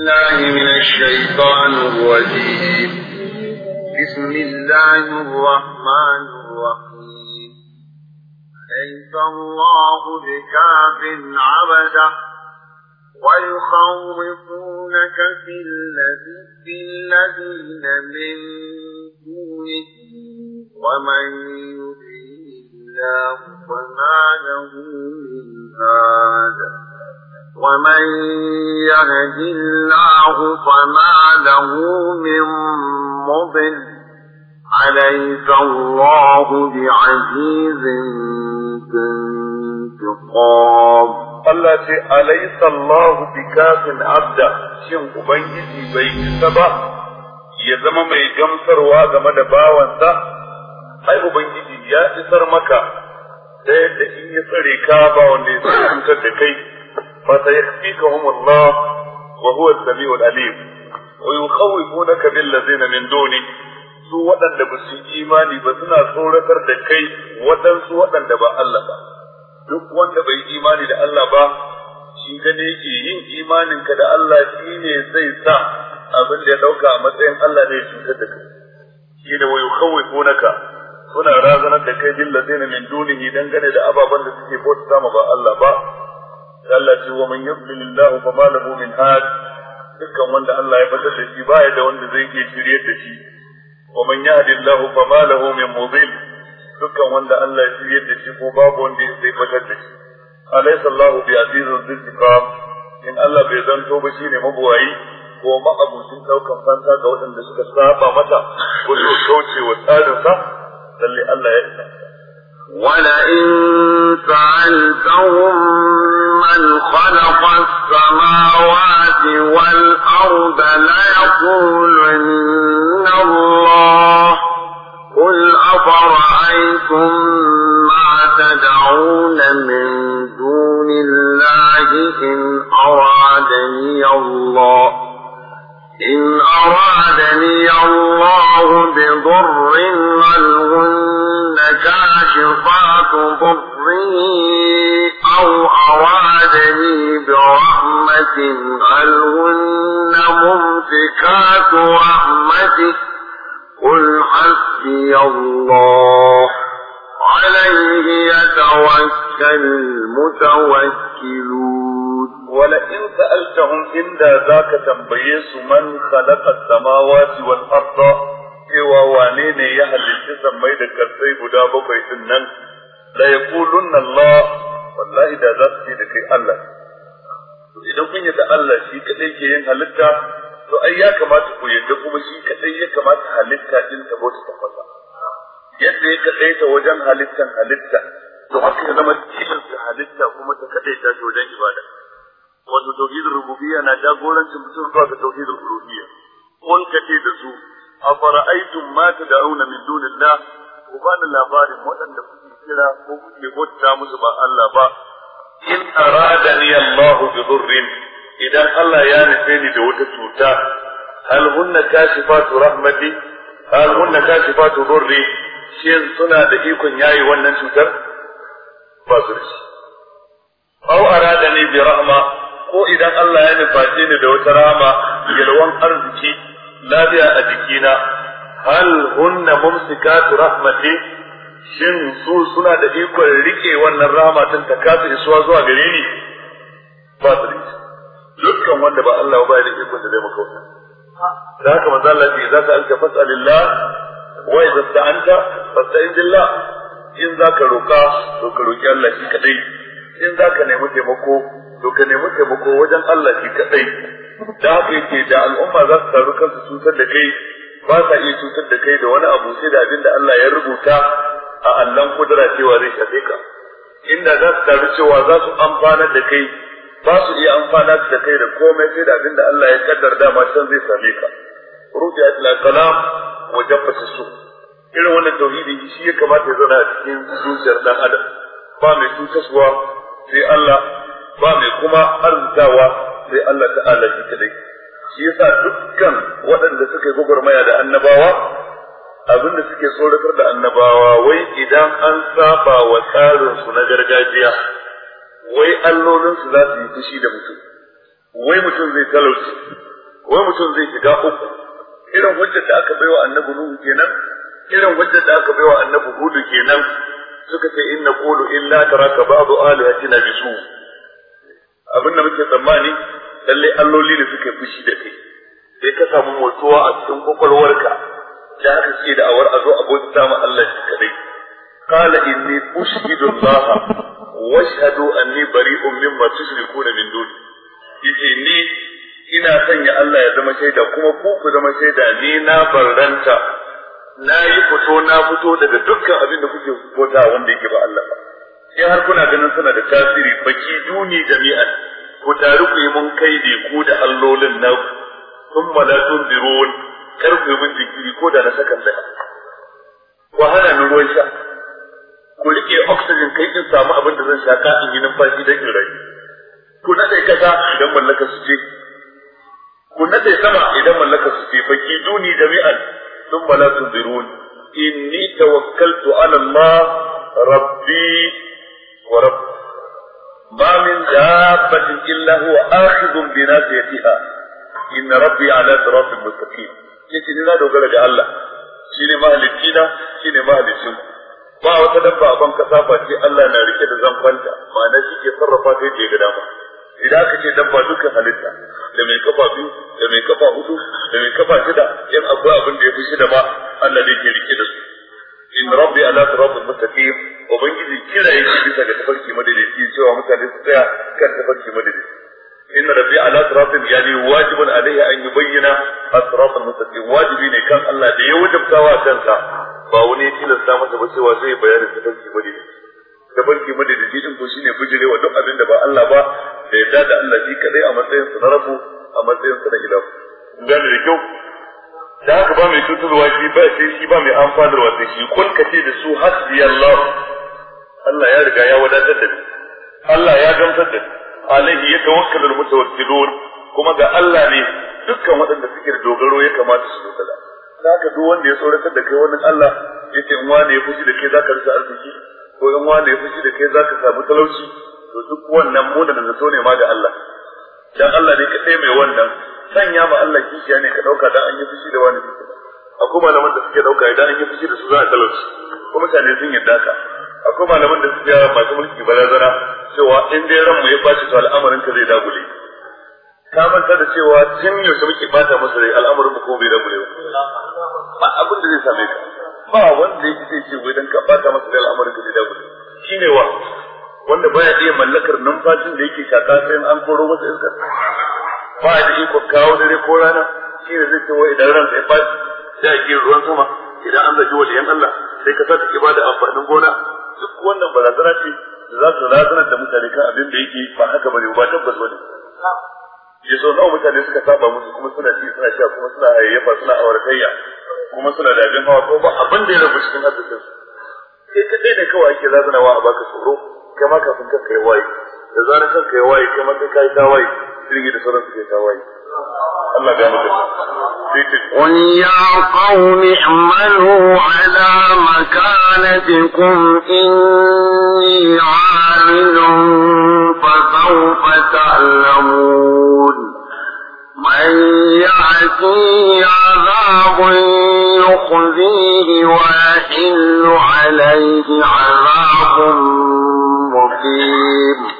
الله من الشيطان الرجيم بسم الله الرحمن الرحيم ليس الله بكاف عبده ويخوفونك في الذين من دونه ومن يريد الله فما له من هذا ومن يهد الله فما له من مضل عليك الله بعزيز انتقام Allah ce alaysa bi kafin abda shin ubangiji bai isa ba ya zama mai gamsarwa game da bawansa ai ubangiji ya isar maka da yadda in ya tsare ka ba wanda ya tsare da kai فسيكفيكهم الله وهو السميع العليم ويخوفونك بالذين من دونه su waɗanda ba su imani ba suna tsoratar da kai waɗansu waɗanda ba Allah ba duk wanda bai imani da Allah ba shi gane yake yin imaninka da Allah shi ne zai sa abin da ya ɗauka a matsayin Allah ne cutar da kai shi da wayo kawai gonaka suna razanar da kai billa zai min dunihi dangane da ababen da suke bauta sama ba Allah ba Allah ce wa man yudlilillahu fa ma lahu min had dukkan wanda Allah ya batar da shi baya da wanda zai iya shiryar da shi wa man yahdillahu fa ma lahu min mudil dukkan wanda Allah ya shiryar da shi ko babu wanda zai batar da shi alaysa Allah bi azizin zikram in Allah bai zanto ba shine mabuwayi ko ma'abucin daukan fansa ga waɗanda suka saba mata ko su kauce wa tsarinsa lalle Allah ya isa ولئن سألتهم من خلق السماوات والأرض ليقولن الله قل أفرأيتم ما تدعون من دون الله إن أرادني الله إن أرادني الله بضر هلهن كاشفات ضره أو أرادني برحمة هلهن ممسكات رحمته قل حسبي الله عليه يتوكل المتوكلون الْمَوْجُودِ وَلَئِنْ سَأَلْتَهُمْ إِنَّ ذَاكَ من مَنْ خَلَقَ السَّمَاوَاتِ وَالْأَرْضَ wane ne ya الْجِسَمْ مَيْدَ da karsai guda bakwai din nan la yaqulunna Allah wallahi za su ce da kai to to ai ya kamata ku yadda kuma shi kadai ya kamata halitta din ta bota ta kwata yadda ya kadai ta wajen halittan halitta to haka ya zama cikin halitta kuma ta kadai ta wajen ibada wato tauhid rububiyya na jagorancin mutum zuwa ga tauhid rububiyya kun kace da su fara'aitun ma da'auna min dunillah ku ni labarin waɗanda kuke kira ko kuke bauta musu ba Allah ba in ni Allahu bi dhurrin idan Allah ya nufe ni da wata cuta hal hunna kashifatu rahmati hal hunna kashifatu dhurri shin suna da ikon yayi wannan cutar ba su da shi aw aradani bi rahma ko idan Allah ya nuface ni da wata rama yalwan arziki lafiya a jikina hal hunna mumsikatu rahmati shin su suna da ikon rike wannan rama tun ta kasa isuwa zuwa gare ni ba su rike dukkan wanda ba Allah ba ya da ikon da zai maka wannan da haka manzo Allah ya zaka alka fasalillah wa idza ta'anta fasta'in in zaka roka to ka roki Allah shi kadai in zaka nemi taimako to ka nemi taimako wajen Allah shi kadai da haka yake da al'umma za su taru kansu cutar da kai ba sa iya cutar da kai da wani abu sai da abin da Allah ya rubuta a Allah kudura cewa zai shafe ka inda za su taru cewa za su amfana da kai ba su iya amfana da kai da komai sai da abin da Allah ya kaddar dama can zai same ka a cikin kalam wajen jaffata su irin wannan tauhidi shi ya kamata ya zauna a cikin zuciyar dan adam ba mai cutaswa sai Allah ba mai kuma arzikawa sai Allah ta'ala shi kadai shi yasa dukkan waɗanda suka yi gwagwarmaya da annabawa abin da suke tsoratar da annabawa wai idan an saba wa tsarinsu na gargajiya wai allolinsu za su yi fushi da mutum wai mutum zai talauci wai mutum zai shiga uku irin hujjar da aka baiwa annabi nuhu kenan irin hujjar da aka baiwa annabi hudu kenan suka ce inna qulu illa taraka ba'du alihatina bisu abin da muke tsammani lalle alloli da suka fushi da kai sai ka samu motsuwa a cikin kwakwalwarka da haka ce da awar a zo a bauta sama Allah shi kadai qala inni ushidu Allah wa ashhadu anni bari'un mimma tushrikuna min duni yace ni ina sanya Allah ya zama shaida kuma ku ku zama shaida ni na barranta na yi fito na fito daga dukkan abin da kuke bauta wanda yake ba Allah ba in har kuna ganin suna da tasiri baki duni jami'an ku taru ku yi mun kai da ku da allolin na sun malatun birowun kar ku yi mun jinkiri ko da na sakan daya ku hana ni ruwan sha ku rike oxygen kai in samu abin da zan shaka in yi numfashi don in rayu ku nade kasa idan mallaka su ce ku nade sama idan mallaka su ce baki duni jami'an sun malatun birowun inni tawakkaltu ala Allah rabbi ورب ما من دابة إلا هو آخذ بناصيتها إن ربي على صراط مستقيم yace ni na dogara da Allah shi ne mahalicci na shi ne mahalicin ba wata dabba a ban kasa ba ce Allah na rike da zamfanta ma'ana shi ke sarrafa ta yadda ga dama Ida aka ce dabba dukkan halitta da mai kafa biyu da mai kafa hudu da mai kafa shida in akwai abin da ya fi shida ba Allah ne ke rike da su in rabbi ala siratul mustaqim ubangiji kira yake bisa ga tafarki madalici cewa mutane su tsaya kan tafarki madadi. in rabbi ala siratul yani wajibun alayhi an yubayyana as mustaqim wajibi ne kan Allah da ya wa kanka ba wani ya tilasta masa ba cewa zai bayani tafarki madadi. tafarki madalici din ko shine bijirewa duk abin da ba Allah ba da yadda da Allah shi kadai a matsayin sa na rabu a matsayin sa na ilahu gane da kyau da haka ba mai cutarwa shi ba sai shi ba mai amfanarwa sai shi kun kace da su hasbi Allah Allah ya riga ya wadatar da ni Allah ya gamsar da ni alaihi ya tawakkalu mutawakkilun kuma ga Allah ne dukkan waɗanda suke da dogaro ya kamata su dogara da haka duk wanda ya tsoratar da kai wannan Allah yace in wani ya fushi da kai zaka rasa arziki ko in wani ya fushi da kai zaka samu talauci to duk wannan mu da zato ne ma ga Allah dan Allah ne kadai mai wannan sanya ma Allah kishiya ne ka dauka da an yi fushi da wani fushi akwai malaman da suke dauka idan an yi fushi da su za a talauci kuma mutane sun yarda ka akwai malaman da suke yawa masu mulki barazana cewa in dai ranmu ya bashi to al'amarin ka zai dagule ka manta da cewa tun yaushe muke bata masa rai al'amarin mu ko bai dagule ba ba abin da zai same ka ba wanda ya zai ce wai dan ka bata masa rai al'amarin ka zai dagule Shi ne wa wanda baya iya mallakar numfashin da yake shaka sai an koro masa iskar ba da ikon kawo dare ko rana shi ne zai ce idan ransa ya faɗi sai a gina ruwan sama idan an zaji wajen Allah sai ka sake ibada amfanin gona duk wannan barazana ce da za su razanar da mutane kan abin da yake ba haka bane ba tabbas bane ya so nawa mutane suka saba musu kuma suna ci suna sha kuma suna hayayyafa suna auratayya kuma suna da abin hawa ko ba abin da ya rabu cikin arzikin sai kadai ne kawai ake razanawa a baka tsoro kai ma kafin kanka ya waye da zarar kanka ya waye kai ma sai ka yi ta waye jirgi da sauran tawaye Allah ya mutu قل يا قوم اعملوا على مكانتكم إني عامل فسوف تعلمون من يأتي عذاب يخزيه ويحل عليه عذاب مقيم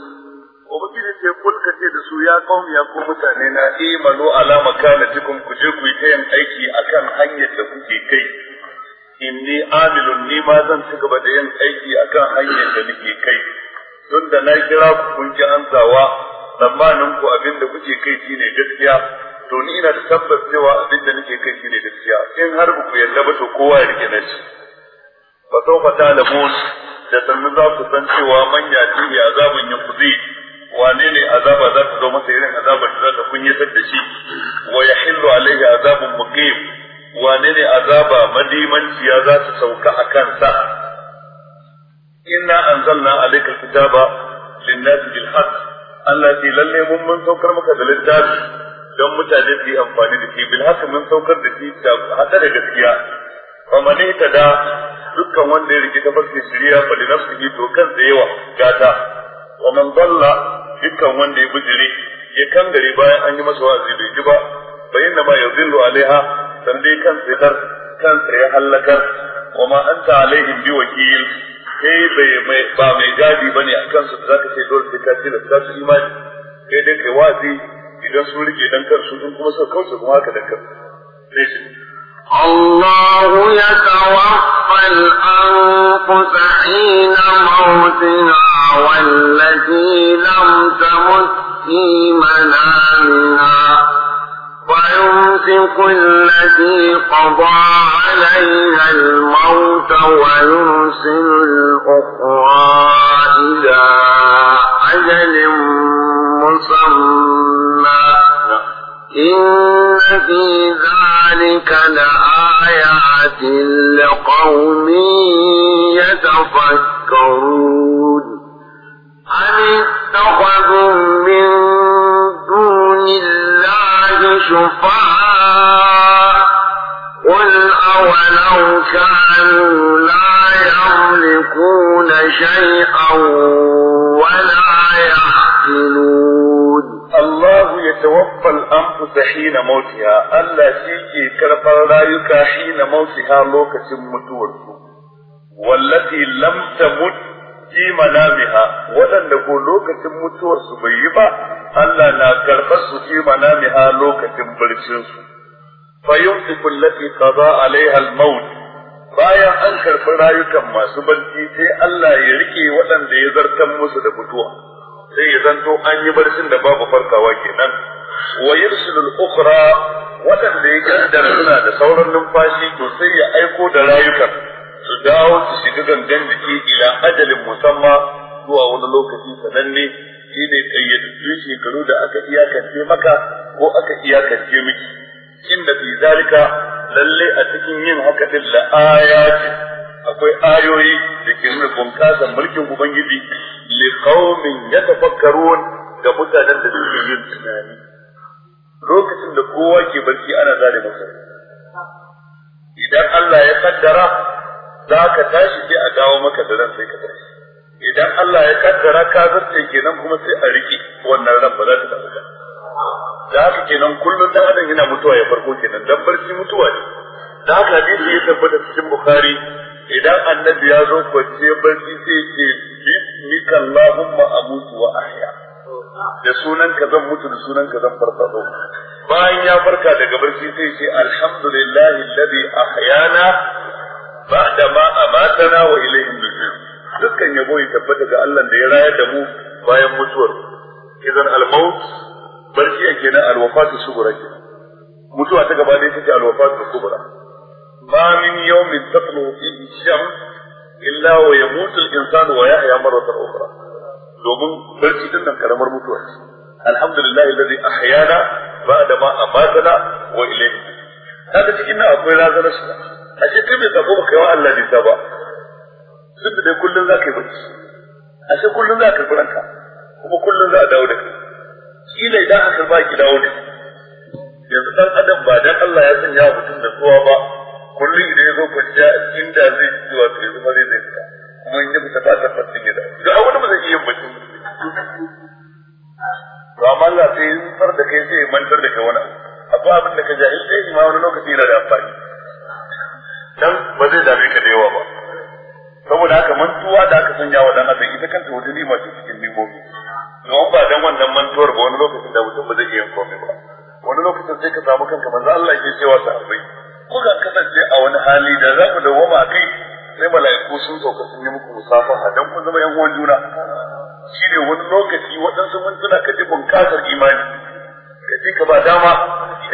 ubangiji ce kulka ka ce da su ya kaum ya ku mutane na imanu ala makanatikum ku je ku yi ta yin aiki akan hanyar da kuke kai inni amilun ni ma zan ci gaba da yin aiki akan hanyar da nake kai tun da na kira ku kun ki ansawa tsammanin ku abin da kuke kai shine gaskiya to ni ina da tabbas cewa abin da nake kai shine gaskiya in har ba ku yarda ba to kowa ya rike na shi fa sawfa ta'lamun da sannu za ku san cewa manya ya azabun kuzi wane ne azaba za ta zo masa irin azaba da za ta kunyatar da shi wa ya hillu alaihi azabun muqim wane ne azaba madimanciya za ta sauka a kansa inna anzalna alaikal kitaba linnasi bil haqq Allah ce lalle mun mun saukar maka da littafi don mutane su yi amfani da shi bil haqq mun saukar da shi da hada da gaskiya fa man da dukkan wanda ya rikita tafarkin shari'a fa li nafsihi to kan da yawa gata wa man dalla dukkan wanda ya bijire ya kangare bayan an yi masa wa'azi bai ji ba bayan da ma ya zillu alaiha san dai kan kan kansa ya hallakar wa ma anta alaihim bi wakil kai bai ba mai gadi bane a su zaka ce dole sai ka ce da su imani kai dai kai wa'azi idan sun rike dan kansu in kuma suka kansu kuma haka dan kansu sai الله يتوفى الأنفس حين موتها والتي لم تمت في منامها ويمسك الذي قضى عليها الموت ويرسل الأخرى إلى أجل مسمى إن في ذلك لآيات لقوم يتفكرون أم اتخذوا من دون الله شفعاء قل أولو كانوا لا يملكون شيئا ولا يعقلون الله يتوفى الأنفس حين موتها ألا شيكي كرفر رايك حين موتها لوكة متوت والتي لم تمت في منامها ولن نقول لوكة متور سبيبة ألا نكرفس في منامها لوكة برشنس فيمسك التي قضى عليها الموت bayan an karɓi rayukan masu barci sai Allah ya rike waɗanda ya zartan musu da mutuwa. sai ya zanto an yi barcin da babu farkawa kenan wa yursilul ukhra wadanda ya kaddara suna da sauran numfashi to sai ya aiko da rayuka su dawo su shiga gangan jiki ila ajalin musamma zuwa wani lokaci sananne shi ne kayyadaddun shekaru da aka iyakance maka ko aka iyakance miki inda fi zalika lalle a cikin yin haka din la ayati akwai ayoyi da ke nuna bunƙasar mulkin ubangiji li qaumin yatafakkarun ga mutanen da suke yin tunani lokacin da kowa ke barci ana zare masa idan Allah ya kaddara za ka tashi sai a dawo maka da ran sai ka tashi idan Allah ya kaddara ka zarce kenan kuma sai a rike wannan ran ba za ta tafi ba da haka kenan kullum dan adam yana mutuwa ya farko kenan dan barci mutuwa ne da haka hadisi ya tabbata cikin bukhari idan annabi ya zo kwace barci sai ce bismika allahumma amutu wa ahya da sunan ka zan mutu da sunan ka zan farfado bayan ya farka daga barci sai ce alhamdulillahi alladhi ahyana ba'da ma amatana wa ilayhi nusur dukkan yabo ya tabbata ga Allah da ya rayar da mu bayan mutuwar idan al-maut barci yake na al-wafatu subra mutuwa ta gaba dai take al-wafatu kubra ما من يوم تطلع فيه الشمس إلا ويموت الإنسان ويحيا مرة أخرى domin barci din nan karamar mutuwa ce alhamdulillah alladhi ahyana ba'da ma amatana wa ilayhi kaga cikin nan akwai razanar shi a kai bai sako ba kaiwa Allah ne ba duk da za barci kuma kullum za a dawo da kai kila idan aka ba ki dawo da yanzu dan adam ba dan Allah ya sanya mutum da kowa ba kullum idan ya zo kwanciya inda zai ji zuwa ya zama zai zai fita kuma in ya fita ta tabbatin ya dawo da wani ba zai iya bacci Ba amma Allah sai ya far da kai sai mantar da kai wani abu abin da ka in sai ma wani lokaci yana da amfani dan ba zai dame ka da yawa ba saboda haka mantuwa da aka sanya wa dan adam ita kanta wata ni masu cikin nimomi don ba dan wannan mantuwar ba wani lokacin da mutum ba zai iya komai ba wani lokacin sai ka samu kanka manzo Allah yake cewa abai Ko kuka kasance a wani hali da za ku dawwama a kai sai mala'iku sun sauka sun yi muku musafaha dan kun zama yan uwan juna shine wani lokaci waɗansu tuna ka ji bunƙasar imani ka ji ka ba dama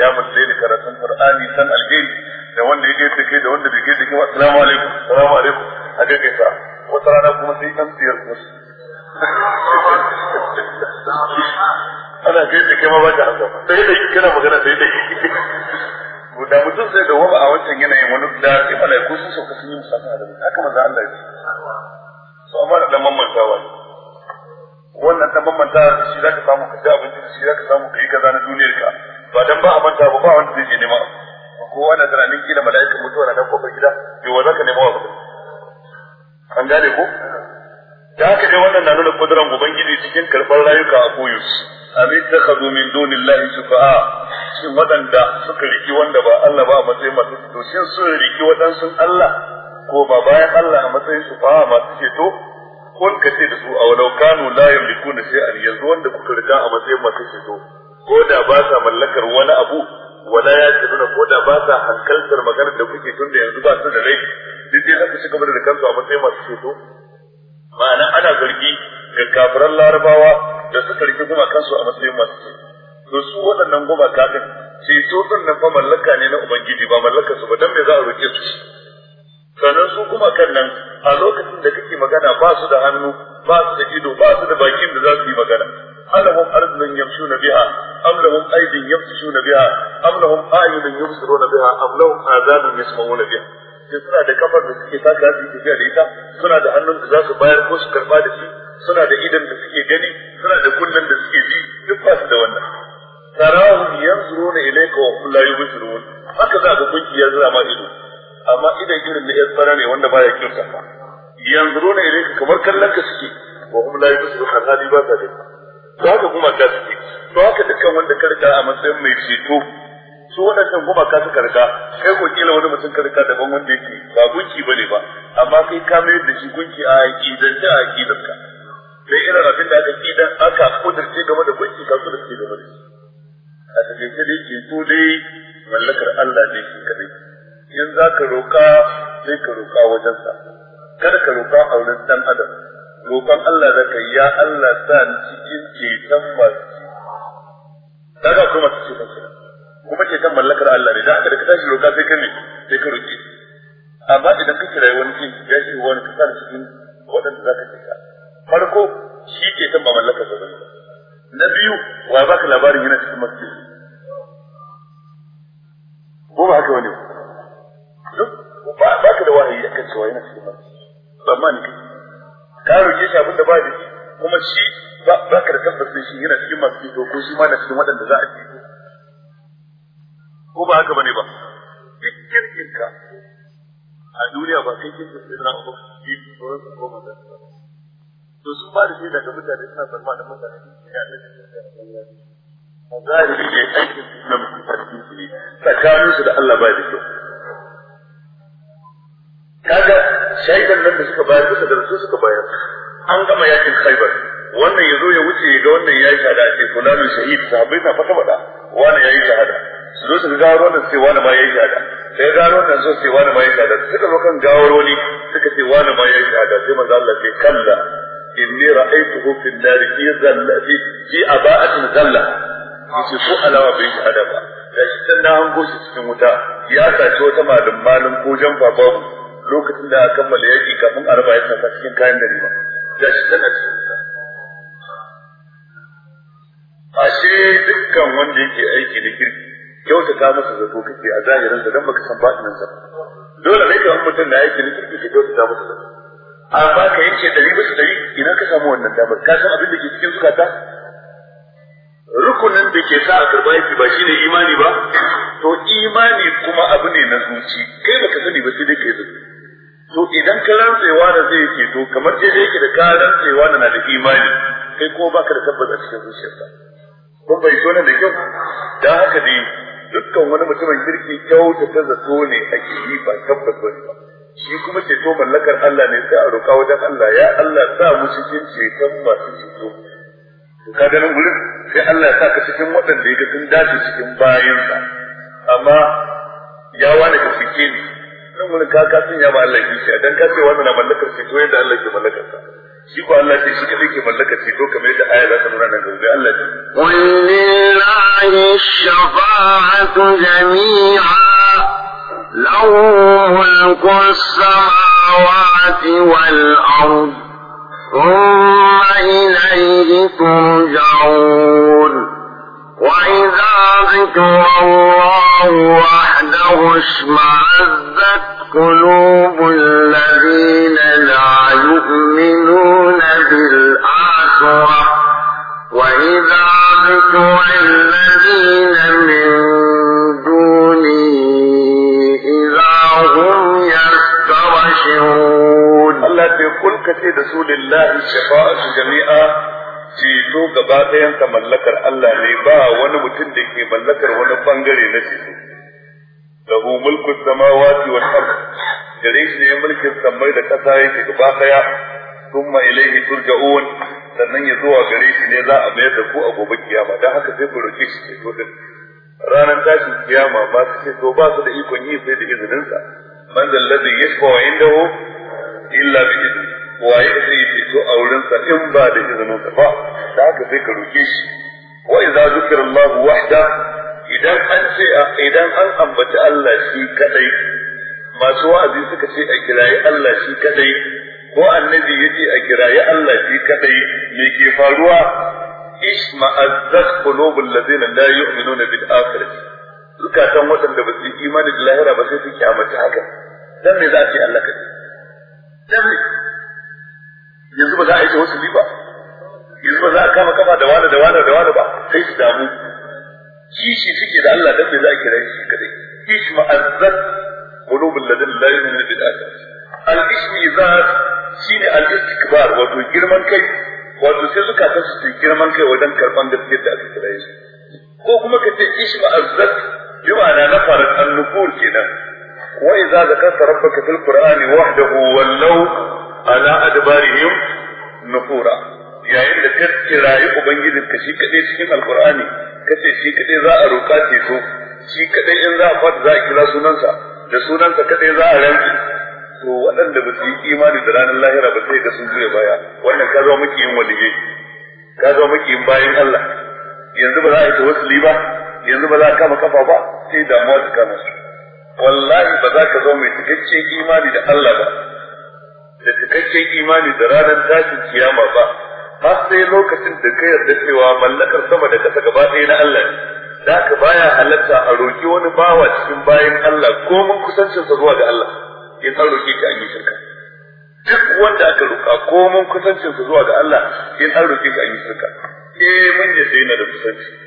ya mulle da karatun qur'ani san alheri da wanda yake take da wanda bai gaida ke assalamu alaikum assalamu alaikum a ga gaisa wata rana kuma sai dan biyar ku ana gaida take ma ba ta haka sai da kana magana sai da to da mutum zai dawo a wancan yanayin wani da sai malaiku sun sauka sun yi musamman da mutum haka maza Allah ya su amma da dan mamantawa ne wannan dan da shi zaka samu ka ci abinci shi zaka samu ka yi kaza na duniyar ka ba dan ba a manta ba ba wanda zai je nema kowa na tunanin kila mala'ikan mutuwa na dan kofar gida bai wa zaka nema wa ba an gane ko da haka dai wannan na nuna kudurar ubangiji cikin karɓar rayuka a koyus amin ta khadu min lahi shufa'a shin waɗanda suka riki wanda ba Allah ba a matsayin masu to? shin sun riki waɗansu Allah ko ba bayan Allah a matsayin su ba masu ceto kun ka ce da su a walau kanu la yamlikuna an yanzu wanda kuka riga a matsayin masu ceto ko da ba sa mallakar wani abu wala ya ce nuna ko da ba sa hankaltar maganar da kuke tun da yanzu ba su da rai? duk dai zaka shiga da kansu a matsayin masu ceto ma'ana ana zargi ga kafiran larabawa da suka rike kuma kansu a matsayin masu ceto to su waɗannan gumaka din ceto su nan fa mallaka ne na ubangiji ba mallaka su ba dan me za a roke su sannan su kuma kan nan a lokacin da kake magana ba su da hannu ba su da ido ba su da bakin da za su yi magana alahum arzun yamshuna biha am lahum aydin yamshuna biha am lahum ayunun yubsiruna biha am lahum adanun yasma'una biha sai suna da kafar da suke taka su yi tafiya da ita suna da hannun da za su bayar ko su karba da shi suna da idan da suke gani suna da kullun da suke ji duk ba su da wannan tarahum yanzuruna ilayka wa hum la yubsirun haka za ga gunki ya zura ma ido amma idan irin na yan tsara ne wanda baya kirka fa yanzuruna ilayka kamar kallon ka suke wa hum la yubsirun hali ba ta da to haka kuma ka suke to haka dukkan wanda karka a matsayin mai ceto su waɗannan ka suka karka. kai ko kila wani mutum karka daban wanda yake ba gunki bane ba amma kai ka mai da shi gunki a aqidan da aqidan ka sai irin abin da aka kidan aka kudurce game da gunki ka kudurce game da shi a cikin dai iko dai mallakar Allah ne shi kadai in za ka roƙa sai ka roƙa wajensa kada ka roƙa a wurin dan adam roƙon Allah da kai ya Allah sa ni cikin ceton masu daga kuma su ceton kira kuma ceton mallakar Allah ne da aka da ka tashi roƙa sai ka ne sai ka roƙe amma idan ka kira wani kin ya shi wani ka sa cikin waɗanda za ka ceta farko shi ceton ba mallakar sa ba na biyu wa ba ka labarin yana cikin masjid ko ba haka wani ba ba ka da wahayi akan cewa yana cikin mace ba ma ne ka roƙe shi abinda da ba da shi kuma shi ba ba ka da tabbacin shi yana cikin masu fito ko shi ma na cikin waɗanda za a ci ko ba haka bane ba duk kirkin ka a duniya ba kai kirkin sai na ba shi ko ko ma da to su ba da shi daga mutane suna da mutane ne ya ne zahiri ne aikin na mutum ne tsakanin su da Allah ba da kyau kaga shaidan nan da suka bayar duka da su suka bayar an gama yakin khaibar wannan ya zo ya wuce ga wannan ya yi shahada ce fulanin shahid sahabbai na fata faɗa wani ya yi shahada su zo su gawar wannan sai wani ma ya yi shahada sai gano wannan zo sai wani ma ya yi shahada suka zo kan gawar wani suka ce wani ma ya yi shahada sai maza Allah ce kalla inni ra'aytuhu fi an-nar fi zalla fi aba'atin zalla yace ko alama bai shahada ba da shi dan na hango shi cikin wuta ya sace wata malin malin ko jan babu lokacin da aka kammala yaki kafin arba ya saka cikin kayan da ba da shi dan cikin wuta ashe dukkan wanda yake aiki da kirki kyautata masa zato kake a zahirin sa dan baka san batinin sa dole ne ka mutum da aiki da kirki ka kyautata masa zato amma ka yi ce dari bisa dari idan ka samu wannan damar ka san abin da ke cikin zukata rukunin da ke sa a karɓa yake ba shi ne imani ba to imani kuma abu ne na zuci kai baka sani ba sai dai kai zuci to idan ka rantsewa da zai ke to kamar dai yake da ka rantsewa da na da imani kai ko baka da tabbata cikin ba kun bai tona da kyau dan haka dai dukkan wani mutumin kirki kyauta ta zato ne ake yi ba tabbata ba shi kuma ceto mallakar Allah ne sai a roƙa wajen Allah ya Allah sa mu cikin ceton masu ceto ka ganin wurin sai Allah ya sa ka cikin waɗanda ya sun dace cikin bayansa amma ya wani ka fike ni nan wurin ka ka sun ya ba Allah kishi dan ka ce wannan na mallakar ce to yadda Allah ke mallakar sa shi ko Allah ce shi kake ke mallakar ce to kamar yadda aya za ta nuna nan gobe Allah ce wallahi shafa'atu jami'a له ملك السماوات والأرض ثم إليه ترجعون وإذا ذكر الله وحده اشمعزت قلوب الذين لا يؤمنون بالآخرة وإذا ذكر الذين من ce kul ka ce da su lillahi su jami'a ceto gaba ɗayan ka mallakar Allah ne ba wani mutum da ke mallakar wani bangare na ceto lahu mulku samawati wal ard gare shi ne mulkin sammai da ƙasa yake gaba ɗaya thumma ilayhi turja'un sannan ya zuwa gare shi ne za a mayar da ku a gobe kiyama dan haka sai ku roke shi ceto din ranar tashin kiyama ba su to ba su da ikon yi sai da izininsa man da zalladhi yashfa'u indahu illa bi izni wa ya zai fito a wurin sa in ba da izinin ba da haka sai ka roke shi wa idza zikra Allah wahda idan an ce idan an ambaci Allah shi kadai masu wa'azi suka ce a kirayi Allah shi kadai ko annabi yace a kirayi Allah shi kadai me ke faruwa isma'azzat qulubul ladina la yu'minuna bil akhirah zukatan waɗanda ba su imani da lahira ba sai su kyamata haka dan me za a ce Allah kadai dare yanzu ba za a yi ta tawassuli ba yanzu ba za a kama kafa da wani da wani da wani ba sai su damu kishi suke da Allah dan me za a kira shi kadai kishi ma'azzat qulubul ladin la yu'minu bil akhir al-ishmizat shine al-istikbar wato girman kai wato sai suka su su girman kai wajen karban gaskiyar da aka kira shi ko kuma ka ce kishi ma'azzat bi ma'ana na farat an-nufur kenan وإذا ذكرت ربك في القرآن وحده ولوا على أدبارهم نفورا yayin da ka kirayi بنجد ka shi kadai cikin alqur'ani kace shi kadai za a roka so shi kadai in za a fada za a kira sunansa da sunansa za a to waɗanda ba su yi imani da ranar lahira ba sai ga sun jure baya wannan ka zama muke yin waliyai ka zama muke bayan Allah yanzu ba za a yi tawassuli ba yanzu ba za kama kafa ba sai damuwa ta kama wallahi ba za ka zo mai cikakken imani da Allah ba da cikakken imani da ranar tashin kiyama ba har sai lokacin da ka yarda cewa mallakar sama da kasa gaba ɗaya na Allah ne da ka baya halatta a roƙi wani bawa cikin bayan Allah ko mun kusancinsa zuwa ga Allah in an roƙe ka an yi shirka duk wanda aka roka ko mun kusancinsa zuwa ga Allah in an roƙe ka an yi shirka eh mun je sai na da kusanci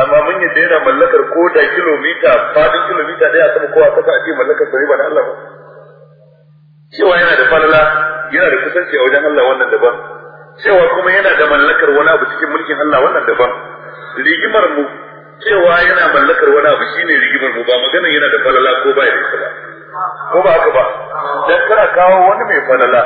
amma mun yadda yana mallakar ko da kilomita faɗin kilomita ɗaya sama ko a kasa a ce mallakar sai ba da Allah ba cewa yana da falala yana da kusanci a wajen Allah wannan daban cewa kuma yana da mallakar wani abu cikin mulkin Allah wannan daban rigimar mu cewa yana mallakar wani abu shine rigimar mu ba maganar yana da falala ko ba ya da falala ko ba haka ba dan kana kawo wani mai falala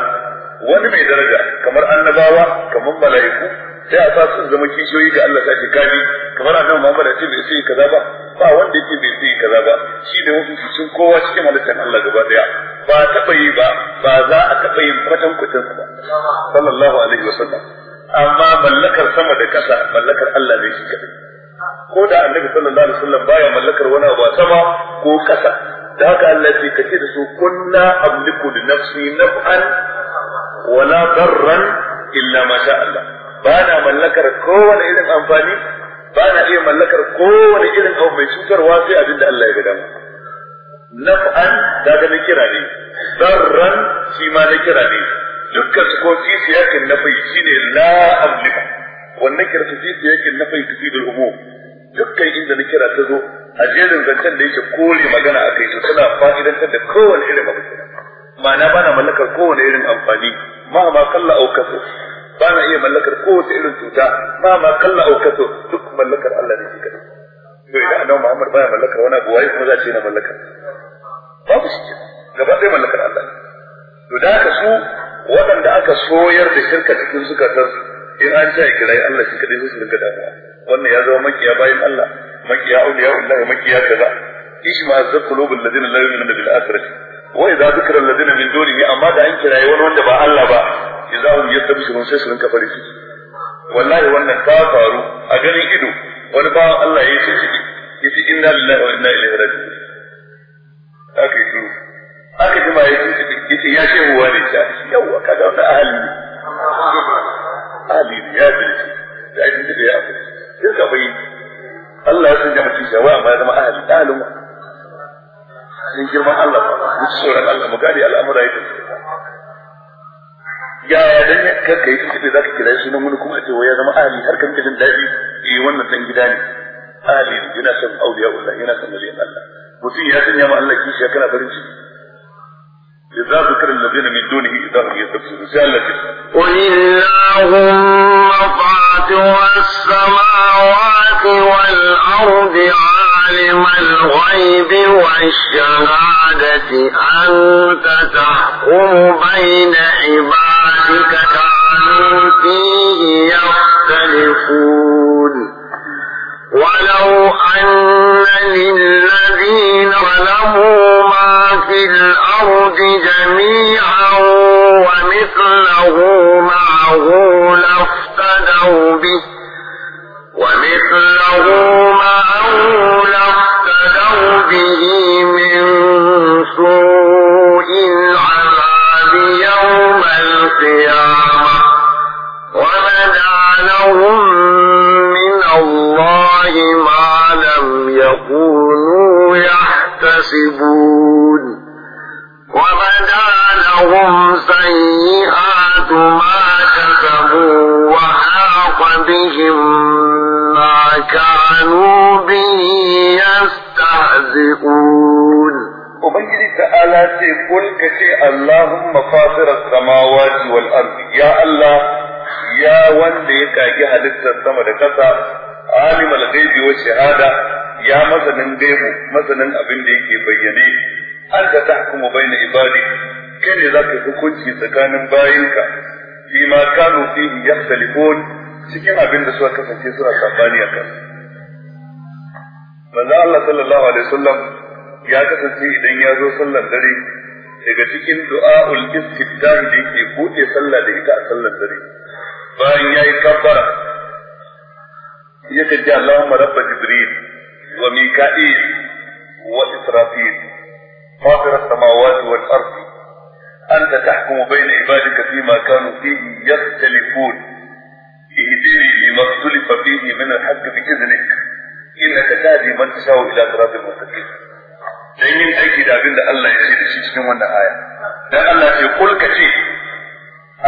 wani mai daraja kamar annabawa kamar mala'iku sai a sa su zama kishiyoyi da Allah ta ce kaji kamar annabi Muhammad ce bai sai kaza ba ba wanda yake bai sai kaza ba shi da wasu sun kowa cikin halittar Allah gaba daya ba taba yi ba ba za a taba yin kwatan kwatan ba sallallahu alaihi wasallam amma mallakar sama da kasa mallakar Allah ne shi kadai ko da annabi sallallahu alaihi wasallam baya mallakar wani abu sama ko kasa da haka Allah ce kace da su kunna amliku li nafsi naf'an wala darran illa ma sha Allah ba na mallakar kowane irin amfani ba na iya mallakar kowane irin abu mai cutarwa sai abin da Allah ya gada mu naf'an ga na kira ne zarran shi ma na kira ne dukkan su ko fi siyakin nafai shine la amliku wannan kira fi siyakin nafai da umum dukkan inda na kira ta zo a jerin zancen da yake kore magana a kai to tana fa'idantar da kowane irin abu ma'ana bana mallakar kowane irin amfani ma ma kalla au kasu ba na iya mallakar kowace irin cuta ba ma kalla au kaso duk mallakar Allah ne shi kadai to idan annabi Muhammad baya mallakar wani abu waye kuma za ce na mallaka babu shi gaba ɗaya mallakar Allah to da haka su waɗanda aka soyar da shirka cikin zukatansu in an sa kirai Allah shi kadai su rinka damuwa wannan ya zama makiya bayan Allah makiya auliya Allah makiya kaza ishma zakulubul ladina la yu'minuna bil akhirati wa za zikra alladhina min ne, amma da an kiraye wani wanda ba Allah ba ya idza ta yastabshirun sai su rinka fari ciki wallahi wannan ta faru a ganin ido wani ba Allah ya yi ciki yace inna lillahi wa inna ilaihi raji'un aka yi shiru aka ji ma ya yi ciki yace ya shehu wani ta yawa kaga wannan ahli ahli ya bi da ajin da ya fi sai ka bai Allah ya sanya mutum shawa amma ya zama ahli ahlin in girman Allah mu ci tsoron Allah mu gane al'amura yadda su ya dan ya kanka yi tuntuɓe za ka kira shi sunan wani kuma a ce ya zama ahli har kan jin daɗi eh wannan dan gida ne ahli yana son auliya Allah yana son waliyan Allah mutum ya sanya ma Allah kishi ya kana farin ciki إذا ذكر الذين من دونه إذا هم يستبشرون قل اللهم فاطر السماوات والأرض عالم عالم الغيب والشهادة أنت تحكم بين عبادك كانوا فيه يختلفون ولو أن للذين ظلموا ما في الأرض جميعا ومثله معه لافتدوا به ومثله معه القيامة وما لهم من الله ما لم يكونوا يحتسبون وبدا لهم سيئات ما كسبوا وحاق بهم ما كانوا به يستهزئون ubangiji ta'ala ce kul ka ce allahumma fatira samawati wal ardi ya allah ya wanda ya kaki halittar sama da kasa alimul ghaibi wa shahada ya masanin gaibu masanin abin da yake bayyane anta tahkumu baina ibadi kai ne zaka hukunci tsakanin bayinka fi ma kanu fihi cikin abin da suka kasance suna a akan manzo Allah sallallahu alaihi wasallam ya kasance idan ya zo sallar dare daga cikin du'a'ul istiftahi da yake buɗe sallah da ita a sallar dare bayan yayi kabbara yake ji Allahumma rabba jibril wa mika'il wa israfil فاطر السماوات والارض انت تحكم بين عبادك فيما كانوا فيه يختلفون اهدني لما اختلف فيه من الحق باذنك انك تهدي من تشاء الى صراط مستقيم dan yin aiki da abin da Allah ya ce da shi cikin wannan aya dan Allah ce kul ka ce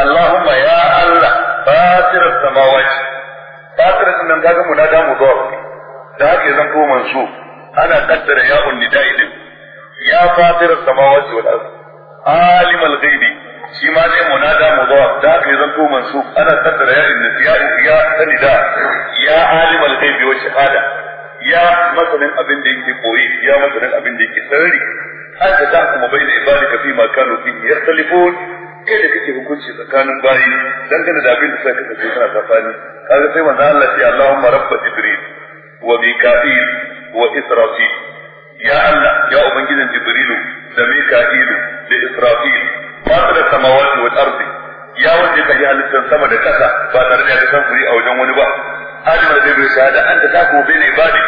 Allahumma ya Allah fatir samawati fatir nan kaga mu na da mu zuwa da haka zan ko mansu ana kaddara ya unnida idin ya fatir samawati wal ardh alim al ghaibi shi ma dai munada mudaf da haka zan ko mansu ana kaddara ya unnida ya ya sanida ya alim al ghaibi wa shahada ya masanin abin da yake koyi ya masanin abin da yake sarari an da ta kuma bai da ka fi ma kanu ya talifon kai da kake hukunci tsakanin bayi dangane da abin da suka kace suna tsakani kaga sai manzo Allah ya Allahumma rabb jibril wa mika'il wa israfil ya Allah ya ubangijin jibrilu da mika'ilu da israfil ba da samawati wal ardi ya wanda ka yi halittar sama da kasa ba tare da ya san kuri a wajen wani ba alim da bai shahada an ta kafu bai ne bani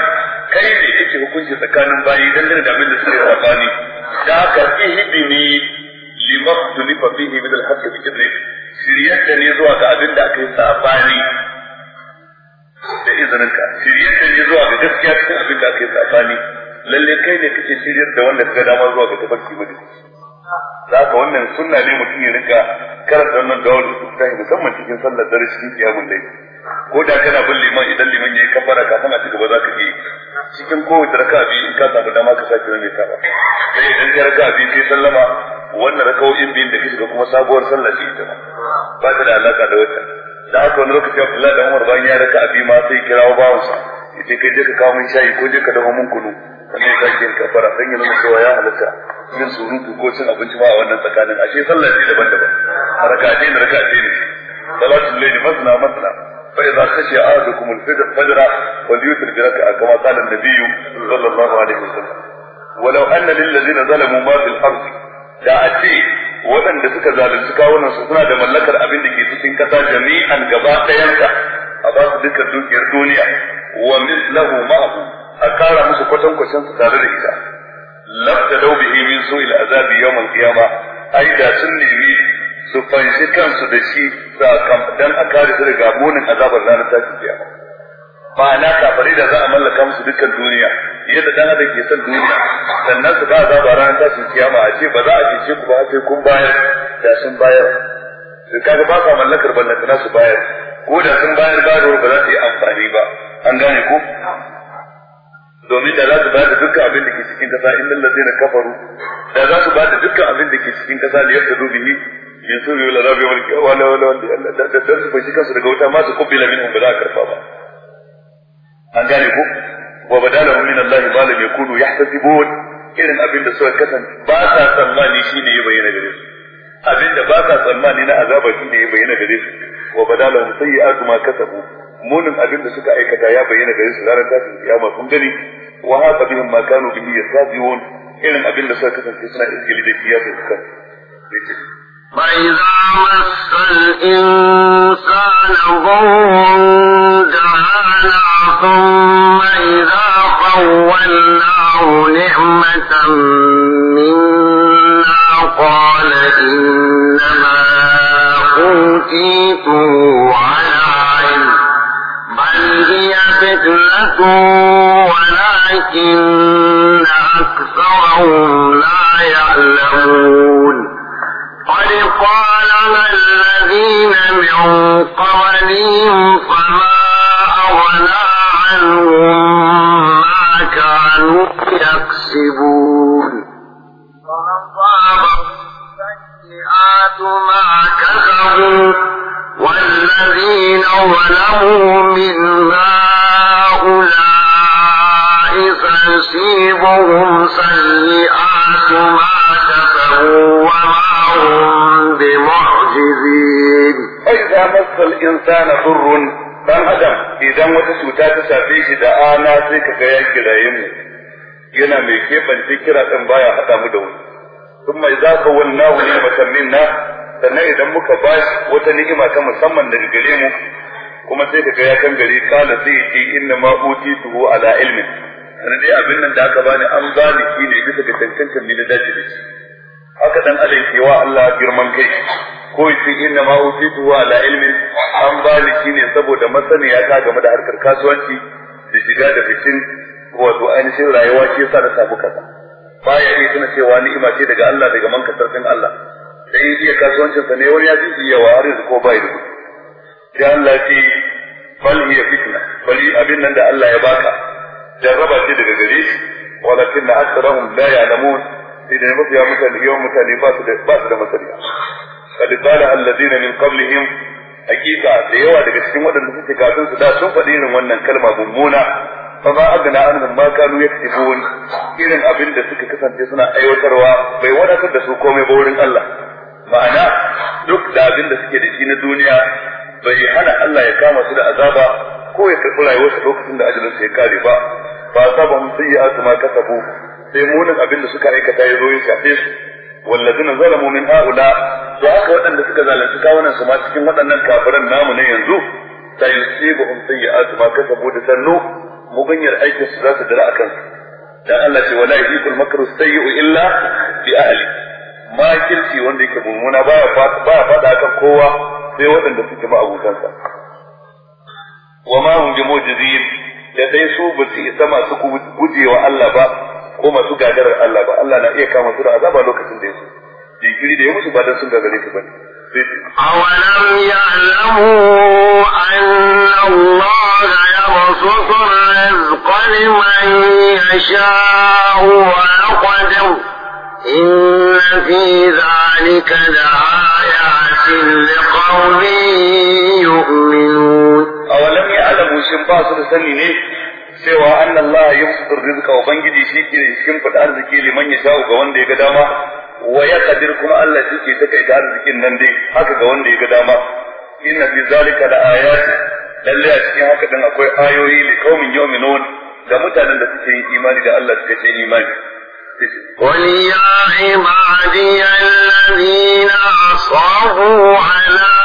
kai ne yake hukunci tsakanin bayi dan dangane da abin da suke sabani da haka li mabdu li fihi min al hadd bi kidri shiriyar ne zuwa ga abin da aka yi sa bani da izinin ka da ne zuwa ga gaskiya cikin abin da aka yi sa bani lalle kai ne kake siriyar da wanda kaga dama zuwa ga tabbaci mu da ka wannan sunna ne mutum ya rika karanta wannan dawo da tsaye musamman cikin sallar dare cikin kiyamun laifi ko da kana bin liman idan liman yayi kafara kafin a ci gaba za ka yi cikin kowace raka bi in ka samu dama ka sake wani ta ba sai idan ka raka bi sai sallama wannan raka'o'in biyun da ka shiga kuma sabuwar sallah ce ita ba ta da alaka da wata da aka wani lokaci Abdullahi da Umar bayan ya raka bi ma sai kirawo bawansa yace kai je ka kawo min shayi ko je ka dafa min kunu sannan ka ke kafara dan ya nuna cewa ya halatta yin surutu ko cin abinci ba a wannan tsakanin ashe sallah ce daban-daban raka ce da raka ce ne salatu lillahi masna masna فإذا خشي أحدكم الفجر فليوتر بركعة كما قال النبي صلى الله عليه وسلم ولو أن للذين ظلموا ما في الأرض da a ce waɗanda suka zalunci kawunansu suna da mallakar abin da ke cikin kasa jami'an gaba ɗayanta a basu su dukiyar duniya wa mislahu ma'ahu a kara musu kwatankwacin su tare da ita lafta daubihi min su'il azabi yawmal sun nemi su fanshi kansu da shi dan a kare su daga munin azabar ranar tashin kiyama ma'ana kafare da za a mallaka musu dukkan duniya yadda dan adam ke son duniya sannan su ba azabar ranar tashin kiyama a ce ba za a cece ku ba sai kun bayar da sun bayar su kaga ba sa mallakar ballantana su bayar ko da sun bayar bayarwar ba za ta yi amfani ba an gane ku? domin da za su bada dukkan abin da ke cikin kasa innal ladzina kafaru da za su bada dukkan abin da ke cikin kasa ne yadda dubihi yanzu zai la rabi wani wani da dan su fashi kansu daga wuta ma su kubbila ba za a karfa ba an gane ku wa badalahum min Allah ma lam yakunu yahtasibun irin abin da suka kasance ba sa tsammani shi ne ya bayyana gare su abin da ba sa tsammani na azaba ne ya bayyana gare su wa sai ya ma kasabu munin abin da suka aikata ya bayyana gare su ranar tashin kiyama sun gani wa haka biyun ma kanu bihi yastazi'un irin abin da suka kasance suna izgili da kiyasu suka فإذا مس الإنسان ضر دعانا ثم إذا خولناه نعمة منا قال إنما أوتيته على علم بل هي فتنة ولكن أكثرهم لا يعلمون قد قال الذين من قبلهم فما أغنى عنهم ما كانوا يكسبون وأصابهم سيئات ما كسبوا والذين ظلموا من هؤلاء سيصيبهم سيئات ما كسبوا وما هم بمعجزين وإذا مس الإنسان ضر dan adam idan wata cuta ta shafe shi da ana sai ka ga ya yana mai keɓance kira ɗin baya haɗa mu da wani za ka na idan muka ba wata ni'ima ta musamman daga gare mu kuma sai ka ya kan gari kala sai ce inna ma utituhu ala ilmin sannan dai abin nan da aka bani an bani shi ne bisa ga cancantar ni na dace da shi haka dan adam ke wa Allah girman kai ko yace inna ma utitu wa la ilmin an bani shine saboda masaniya ta game da harkar kasuwanci da shiga da fitin wato ainihin rayuwa ce sa da sabu kaza baya yi tuna cewa ni'ima ce daga Allah daga man tarfin Allah sai iya kasuwancin sa ne wani ya ji yawa har yanzu ko bai da kuɗi sai Allah ce bal hiya fitna bali abin nan da Allah ya baka jarraba ce daga gare shi walakin na aktharuhum la ya'lamun sai da mabiya mutane yawan mutane ba su da ba su da masaniya kad qala alladhina min qablihim hakika da yawa daga cikin waɗanda suke kafin su da sun faɗi irin wannan kalma mummuna fa ba agna anhum ma kanu yaktubun irin abin da suka kasance suna aiwatarwa bai wadatar da su komai ba wurin Allah ma'ana duk da abin da suke da shi na duniya bai hana Allah ya kama su da azaba ko ya karɓi rayuwarsu lokacin da ajalin ya kare ba ba sabon sayyi'atu ma kasabu sai munin abin da suka aikata ya zo ya shafe su wallazina zalamu min haula to haka waɗanda suka zalunci kawunan su ma cikin waɗannan kafiran namu ne yanzu sayusibuhum sayyi'atu ma kasabu da sannu muganyar aikin su za su dira akan su dan Allah ce wala yuhikul makru sayyi'u illa bi ahli ma kirki wanda yake mummuna baya baya fada kan kowa sai waɗanda suke ma abokansa wa ma hum bi mujizin da dai su ba su isa masu gujewa Allah ba ko masu gagarar Allah ba Allah na iya kama su da azaba lokacin da yake jinkiri da ya musu ba dan sun gagare su ba أولم يعلموا أن الله يبسط الرزق لمن يشاء ويقدر إن في ذلك لآيات لقوم يؤمنون أولم يعلموا شنباس cewa anna Allah yusir wa bangiji shi ke cikin fita arziki liman ya sha'u ga wanda ya ga dama wa ya kadir kuma Allah shi ke take ita arzikin nan dai haka ga wanda ya ga dama inna fi zalika la ayati lalle a cikin haka dan akwai ayoyi li qaumin yu'minun da mutanen da suke yin imani da Allah suke yin imani قل يا عبادي الذين أصروا على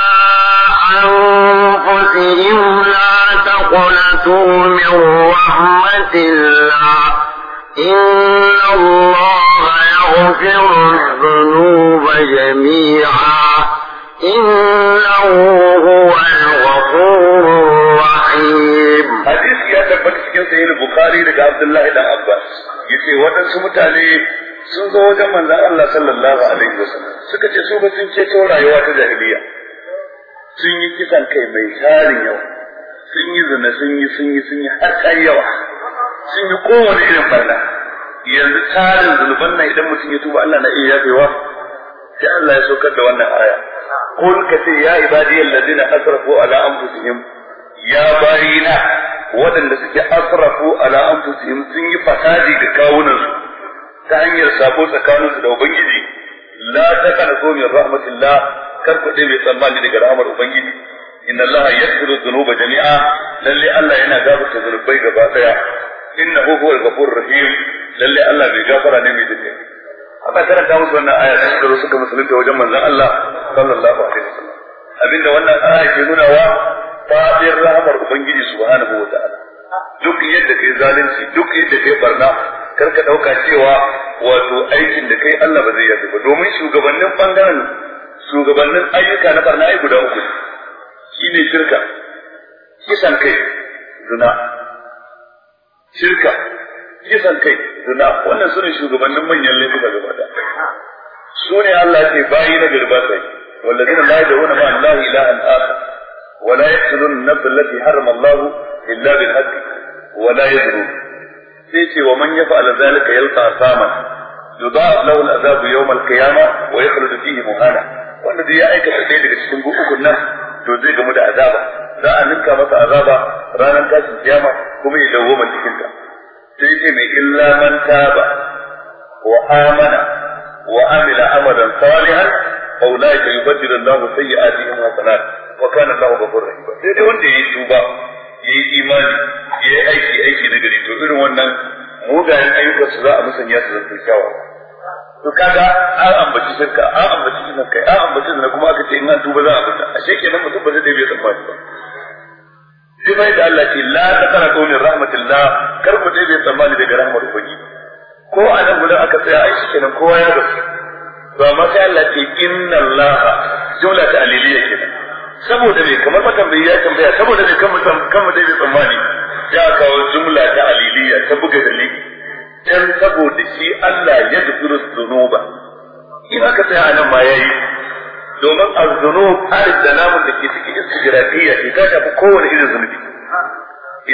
أنفسهم لا تقنطوا من رحمة الله إن الله يغفر الذنوب جميعا إنه هو الغفور الرحيم حديث يا تبت cikin sayyid bukhari daga abdullahi dan abbas yace waɗansu mutane sun zo wajen manzon Allah sallallahu alaihi wasallam suka ce su ba sun ce rayuwa ta jahiliya sun yi kisan kai mai tarin yau sun yi zina sun yi sun yi sun yi har kai yawa sun yi kowane irin barna yanzu tarin zunuban nan idan mutum ya tuba Allah na iya yafewa sai Allah ya saukar da wannan aya kun ka ce ya ibadiy alladhina asrafu ala anfusihim ya bayina waɗanda suke asrafu ala anfusihim sun yi fasadi ga kawunansu ta hanyar sabo tsakaninsu da ubangiji la taqnatu min rahmatillah kar ku mai tsammani daga rahmar ubangiji inna allaha yaghfiru dhunuba jami'a lalle allah yana gafarta zunubai gaba daya innahu huwal ghafurur rahim lalle allah bai gafara ne mai dinka aka karanta musu aya da suka suka musulunta wajen manzon allah sallallahu alaihi wasallam abinda wannan aya ke nuna wa fadin rahmar ubangiji subhanahu wa ta'ala duk yadda zalunci duk yadda barna kar ka ɗauka cewa wato aikin da kai Allah ba zai yarda ba domin shugabannin bangaren shugabannin ayyuka na barna ai guda uku shi ne shirka kisan kai zina shirka kisan kai zina wannan su ne shugabannin manyan laifuka gaba da su ne Allah ce bayi na girba sai wallazina la yad'una ma Allah ilahan akhar ولا يقتلون النفس التي illa الله إلا بالحق ولا يزنون sai ce wa man yaf'al zalika yalqa asaman yudha'af lahu al'azab yawm al wa yakhruj fihi muhana wanda zai aikata dai daga cikin gukukun nan to zai gamu da azaba za a ninka masa azaba ranar tashin kiyama kuma ya dawo man cikin ta sai ce mai illa man taba wa amana wa amila amalan salihan fa ulaika yubaddilu Allahu sayyi'atihim wa kana Allahu ghafurur rahim sai dai wanda yayi tuba ya yi imani ya yi aiki aiki na gari to irin wannan mugayen ayyukan su za a musanya su zantar kyawa to kaga an ambaci shirka an ambaci sunan kai an ambaci sunan kuma aka ce in an tuba za a fita ashe nan mutum ba zai da bai tsammani ba sai da Allah ce la taqratu min rahmatullah kar ku daidai tsammani daga rahmar ubangiji ko a nan gudan aka tsaya a shi kenan kowa ya gasu to amma sai Allah ce inna Allah jumla ta aliliya kenan saboda me kamar matambayi ya tambaya saboda me kan kan mu dai tsammani ya kawo jumla ta aliliya ta buga dalili dan saboda shi Allah ya dukuru zunuba in aka tsaya nan ma yayi domin az-zunub arz da namun da ke cikin istigrafiyya ke ta shafi kowane irin zunubi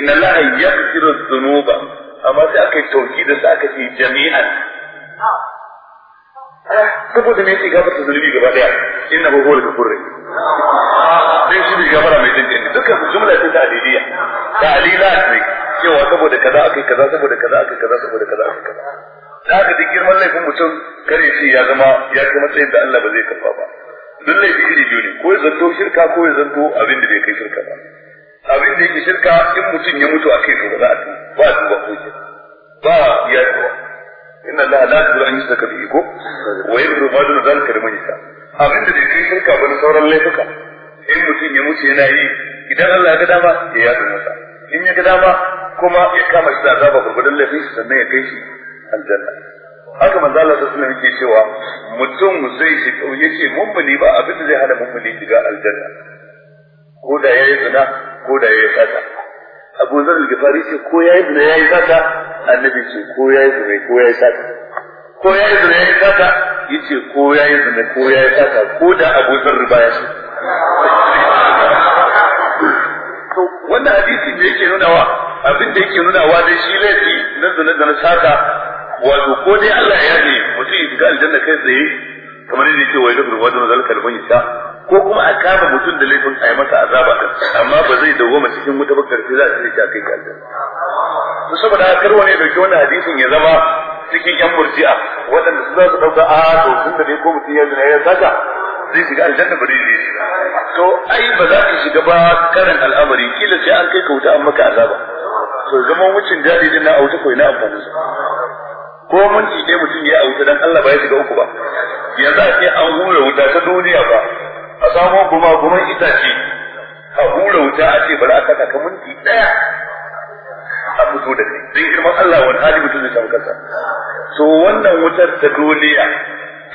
inna Allah yaghfiru dhunuba amma sai aka yi da sa aka ce jami'an saboda me yake gafarta zunubi gaba daya innahu huwal ghafurur sai shi ne gabara mai jin kai dukkan su jumla ce ta aliliya ta alila ne cewa saboda kaza akai kaza saboda kaza akai kaza saboda kaza akai kaza da aka duk girman laifin mutum kare shi ya zama ya kai matsayin da Allah ba zai karba ba duk laifi iri biyu ne ko ya zanto shirka ko ya zanto abin da bai kai shirka ba abin da yake shirka in mutum ya mutu a kai to ba za a tuba ba a tuba ko ba ya yi tuba inna Allah la yuzuru an yusaka bihi ko wa yuzuru ma dun zalika liman yasha abin da kai shirka ba sauran laifuka in mutum ya mutu yana yi idan Allah ya ga dama ya yaɗa masa in ya ga dama kuma ya kama shi da azaba gurgudun laifin shi sannan ya kai shi aljanna haka manzo Allah suna alaihi cewa mutum zai shi yake mummuni ba abin da zai hana mummuni shiga aljanna ko da yayi zina ko da yayi sata Abu Zar al-Ghifari ce ko yayi zina yayi sata annabi ce ko yayi zina ko yayi sata ko ya yi zina ya yi sata ya ce ko ya yi zina ko ya yi sata ko da abokin riba ya ce. to wannan hadisi ne yake wa, abin da yake wa dai shi laifi na zina da saka, sata wato ko dai Allah ya ne mutum ya shiga aljanna kai tsaye kamar yadda yake wai lafiyar wajen zan ban yasa ko kuma a kama mutum da laifin a yi masa azaba din amma ba zai dawoma cikin wuta ba karfi za a cire shi a kai ka aljanna to saboda haka ne dauki wannan hadisin ya zama cikin yan murji'a waɗanda su za su ɗauka a ah, to tun da dai ko mutum ya zina ya saka zai shiga aljanna bari ne to ai ba za ka shiga ba karin al'amari kila sai an kai ka wuta an maka azaba to zaman wucin jadi din na auta ko ina amfani ko mun ji dai mutum ya auta dan Allah ba ya shiga uku ba yanzu a ce an hura wuta ta duniya ba a samo guma guman itace a hura wuta a ce bari a saka ka mun daya a fito da kai din kuma Allah wani hali mutum zai samu kansa to wannan wutar ta duniya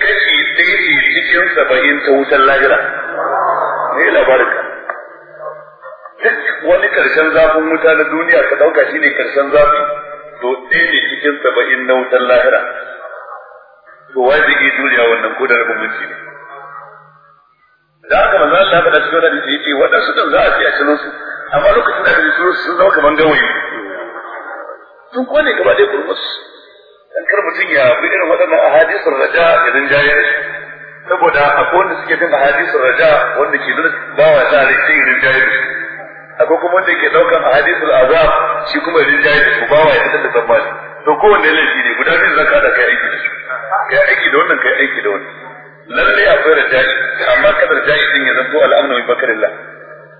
kashi ɗaya ne cikin saba'in ta wutar lahira ne labarin ka duk wani karshen zafin wuta na duniya ka ɗauka shi ne karshen zafi to ɗaya ne cikin saba'in na wutar lahira to wajibi duniya wannan ko da rabin mutum ne da haka manzo Allah ya faɗa cikin wannan hadisi yace waɗansu din za a ci a cikin su amma lokacin da su sun zama kaman gawayi sun kone gaba ɗaya kurmus dan kar mutun ya bi irin waɗannan ahadisin raja idan jaye shi saboda akwai wanda suke bin ahadisin raja wanda ke nuna wa ta rai idan jaye shi akwai kuma wanda ke ɗaukan ahadisin azab shi kuma irin jaye shi bawa ya fitar da tsammani to kowanne laifi ne guda biyu zaka da kai aiki da shi kai aiki da wannan kai aiki da wannan lalle akwai raja amma kadar jaye din ya zanto al'amna min bakarillah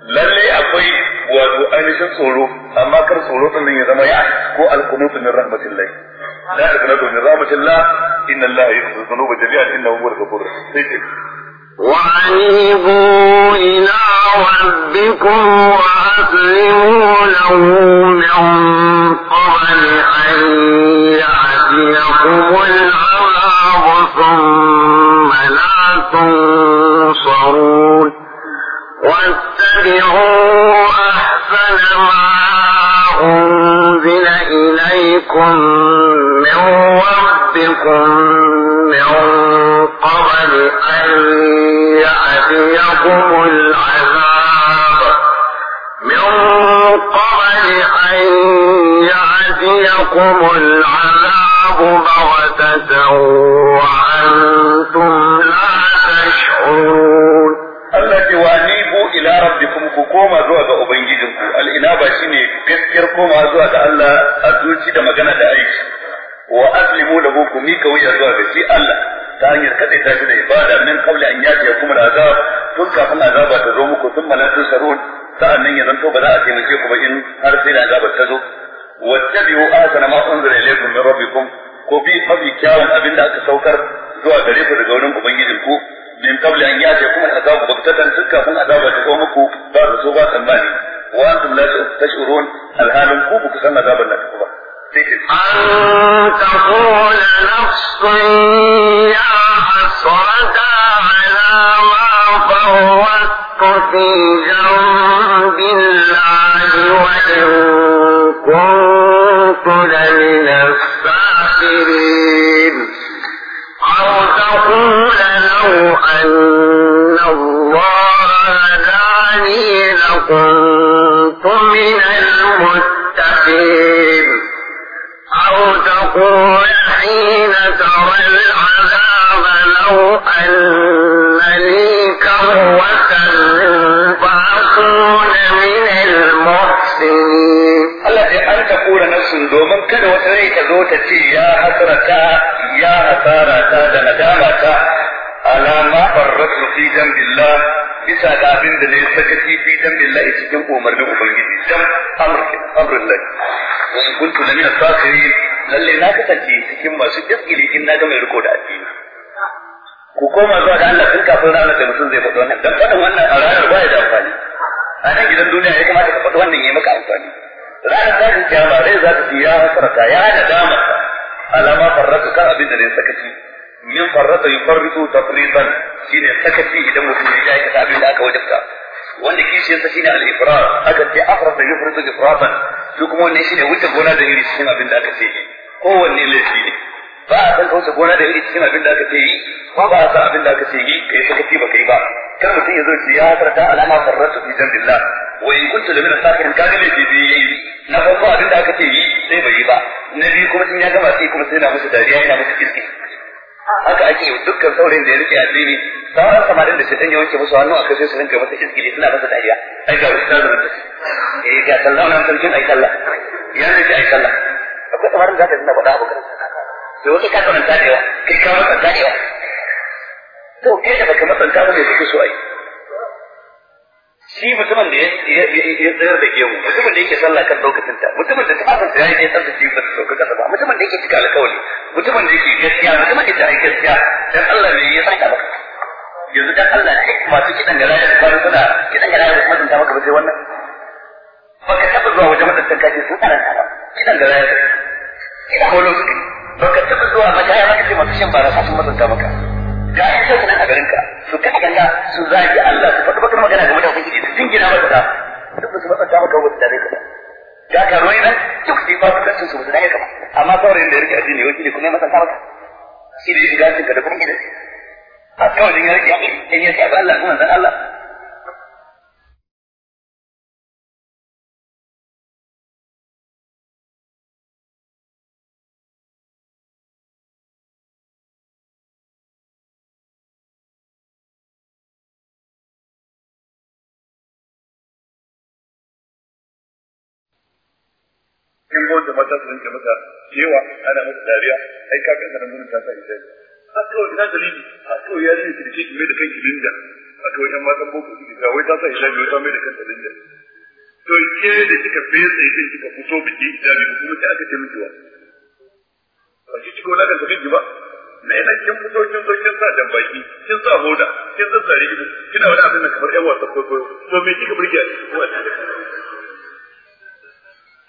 lalle akwai wato ainihin tsoro amma kar tsoro din ya zama ya ko alqunut min rahmatillah la alqunutu min rahmatillah inna allaha yaghfiru dhunuba jami'an innahu huwal ghafurur rahim وأنيبوا إلى ربكم وأسلموا له من قبل أن يأتيكم العذاب ثم لا تنصرون أنزل إليكم من من قبل أن العذاب من قبل أن العذاب وأنتم لا تشعرون التي ila rabbikum ku koma zuwa ga ubangijinku al inaba shine gaskiyar koma zuwa ga Allah a zuci da magana da aiki wa aslimu lahu ku mika wuya zuwa ga shi Allah ta hanyar kadai ta da ibada min qabla an yati yakum al azab tun kafin azaba ta zo muku tun malatu sarun sa'an nan ya zanto ba za a taimake ku ba in har sai da azabar ta zo wattabi'u ahsana ma unzila ilaykum min rabbikum ko bi mafi kyawun abinda da aka saukar zuwa gare ku daga wurin ubangijinku من قبل أن يأتيكم العذاب بغتة تلك أكون عذاب لقومك بعد صوبة ثمانية وأنتم لا تشعرون هل هذا الكوب كسم عذاب الله أن تقول نفس يا حسرتا على ما فوتت في جنب الله وإن كنت لمن أو تقول أن الله هداني لكنت من المتقين أو تقول حين ترى العذاب لو أن لي كروة فأكون من المحسنين التي أن تقول نفس دوما كروة ليك ذو تتي يا حسرة يا حسارة ندامة Alama ma fi jambillah bisa da abin da ne sakaci fi jambillah cikin umarnin ubangiji jam amrin amrullah wa in kuntu la min as lalle na kasance cikin masu gaskili in na ga mai riko da addini ku koma zuwa da Allah tun kafin ranar da mutum zai faɗi wannan dan faɗin wannan a ranar ba ya da amfani a nan gidan duniya ya kamata ka faɗi wannan ya maka amfani ranar tashin kiyama rai za ta ji ya hasarata ya da damar alama farratu kan abin da ne sakaci min farrata yufarritu tafridan shine sakaci idan mutum ya yi ta abin da aka wajabta wanda kishiyar sa shine al-ifrar aka ce afrata yufritu ifratan shi kuma wannan shine wuce gona da iri cikin abin da aka ce kowanne laifi ne ba a san kauce gona da iri cikin abin da aka ce yi ko ba a san abin da aka ce yi kai sakaci ba kai ba kar mutum ya zo ce ya farta alama farrata fi jambillah wa in kuntu lamina sakirin ne laifi bi yi? na farko abin da aka ce yi sai bai yi ba na biyu kuma sun ya gama sai kuma sai na musu dariya yana musu kirki haka ake dukkan saurin da ya rike addini sauran samarin da shi dan ya wanke musu hannu a kashe su rinka masa iskili suna masa dariya ai ga wuta da mutum eh ga sallah wannan sarkin ai sallah yanzu ce ai sallah akwai samarin da zaka dinga faɗa abu kan da wasu ka karanta da yawa kai ka karanta da yawa to kai da baka matsanta ba ne kake so ai shi mutumin da ya tsayar da gemu mutumin da yake sallah kan lokacin ta mutumin da ta tafafin ya yi ne da shi ba sauka kasa ba mutumin da yake cika alkawali mutumin da yake gaskiya mutumin da yake gaskiya dan Allah ne ya saka maka yanzu dan Allah ne masu kidan gara ya fara suna kidan gara ya da mutunta maka ba sai wannan ba ka taba zuwa wajen mutuntan kaje sun tsara ka kidan gara da kidan holo ba ka taba zuwa maka ya maka ce masu shin barasa sun mutunta maka ga ya shi nan a garin ka su kaɗa ganga su zagi Allah su faɗi bakar magana game da ubangiji su jingina masa da duk ba su matsanta maka wasu da zai ka ga ka ruwai nan duk su yi fasikansu su musu da ya kama amma saurayin da ya rike addini yawanci ne kuma ya matsanta maka shi da ya shiga cikin ka da kuma gidansu a kawai ya rike in ya rike Allah kuma zan Allah yi wanda mata su rinke masa cewa ana masa dariya ai ka kanka nan gurin ta sa ita a to ina dalili a to ya ne ki dake mai da kanki linda a to yan matan boko ki ga wai ta sa ita ne ta mai da kanta linda to ke da kika fesa idan kika fito biki da ni kuma ta aka ce miki wa ba ki ciko lakan ta kanki ba na ina kin fito kin zo kin sa dan baki kin sa hoda kin zazzare ido kina wani abin da kamar yan wasa kwaikwayo to me kika burge a cikin wannan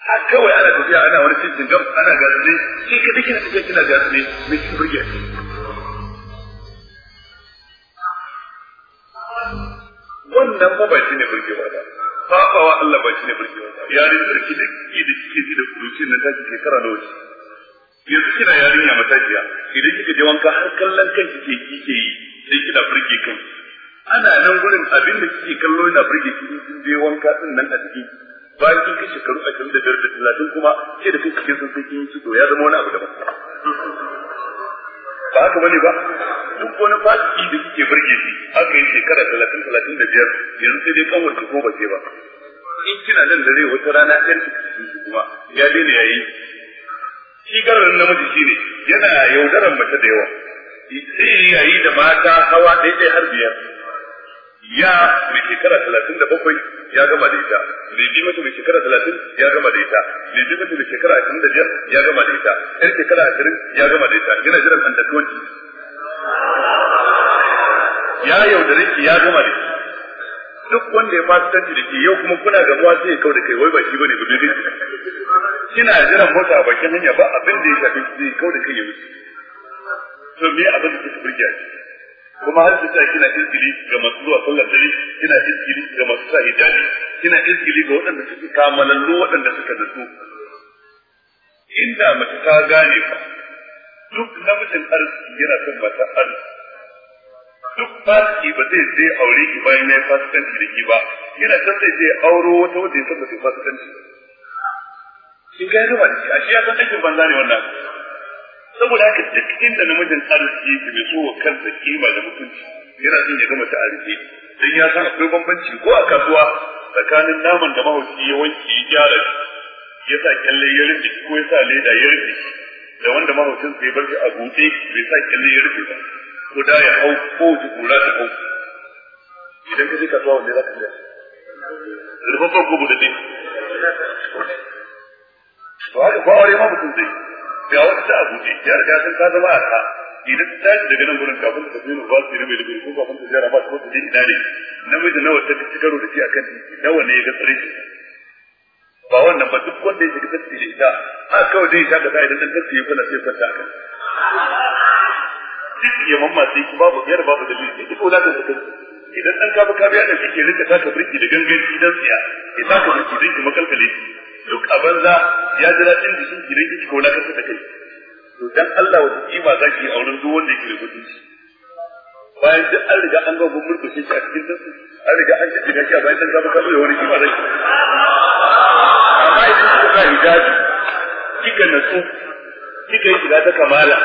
a kawai ana tafiya ana wani cikin gam ana gasne shi ka dake na tafiya kina gasne me kin burge wannan ba bai shine burge ba wa Allah bai shine burge ba yarin sarki da ki da kike da kuruci na ta shekara da wuce yanzu kina yarinya matajiya idan kike je wanka har kallon kan kike kike yi sai kina burge kan ana nan gurin abin da kike kallo yana burge kike kin je wanka din nan a cikin bayan sun kai shekaru ashirin da biyar da talatin kuma sai da kanka sun sun kin su ya zama wani abu daban ba haka bane ba duk wani fasiki da kike burge shi aka yi shekara talatin talatin da biyar yanzu sai dai kawar ki ko ba ba in kina nan da zai wata rana ɗan kuma ya daina yayi shi garin namiji shi ne yana yaudaran mace da yawa sai yayi da mata hawa ɗaya ɗaya har biyar ya mai shekara talatin da bakwai ya gama da ita bi mata mai shekara talatin ya gama da ita bi mata mai shekara ashirin da biyar ya gama da ita yar shekara ashirin ya gama da ita yana jiran an da ya yaudare ki ya gama da ita duk wanda ya fasu tanti da ke yau kuma kuna gamuwa sai ya kau da kai wai ba shi bane ba dai kina jiran mota a bakin hanya ba abin da ya shafi zai kau da kai ya wuce to me abin da ke burge shi kuma har kisa kina izgili ga masu zuwa sallar dare kina izgili ga masu sa hijabi kina izgili ga waɗanda suke kamalallu waɗanda suka zato. inda mace ta gane fa. duk namijin arziki yana son mata arziki duk fasiki ba zai je aure ki bayan ya fasikanci da ki ba yana son zai je auro wata wanda ya san ba sai fasikanci kin ga ya gaba da shi ya san aikin banza ne wannan saboda haka duk inda namijin arziki ke mai tsohon kansa kima da mutunci yana son ya gama ta arziki dan ya san akwai bambanci ko a kasuwa tsakanin naman da mahaushi ya wanke ya gyara ya sa kyalle ya rufe ko ya sa leda ya rufe da wanda mahaushin sai bar shi a buɗe bai sa kyalle ya rufe ba ko da ya hau ko wata kura ta hau idan ka je kasuwa wanda za ka je rubabban ko buɗe to haka ba wani ma mutum zai ga wata abu ne ya riga sun ka zama a ka idan ta tashi daga nan gurin kafin ta tafi ba su mai dubu ko kafin ta jira ba su ko ta ina ne namiji nawa ta ci karo da shi akan nawa ne ya ga tsare shi ba wannan ba duk wanda ya shiga tafi da ita a kawai dai ta ga sai idan tafi ya kula sai kwanta akan duk ya mamma sai ku babu biyar babu dalili duk wala ta tafi idan an ka ba ka biya da kike rika ta ka birki da gangan idan tsiya idan ka birki dinki makalkale duk a banza ya ji daɗin jikin ki rage ko na kasa da kai to dan Allah wata kima za ki yi a auren duk wanda yake da kudin shi bayan duk an riga an gago murkushe shi a cikin tasu an riga an ci daga a bayan zama gaba ya wani kima za ki amma idan kika sa hijabi kika natsu kika yi shiga ta kamala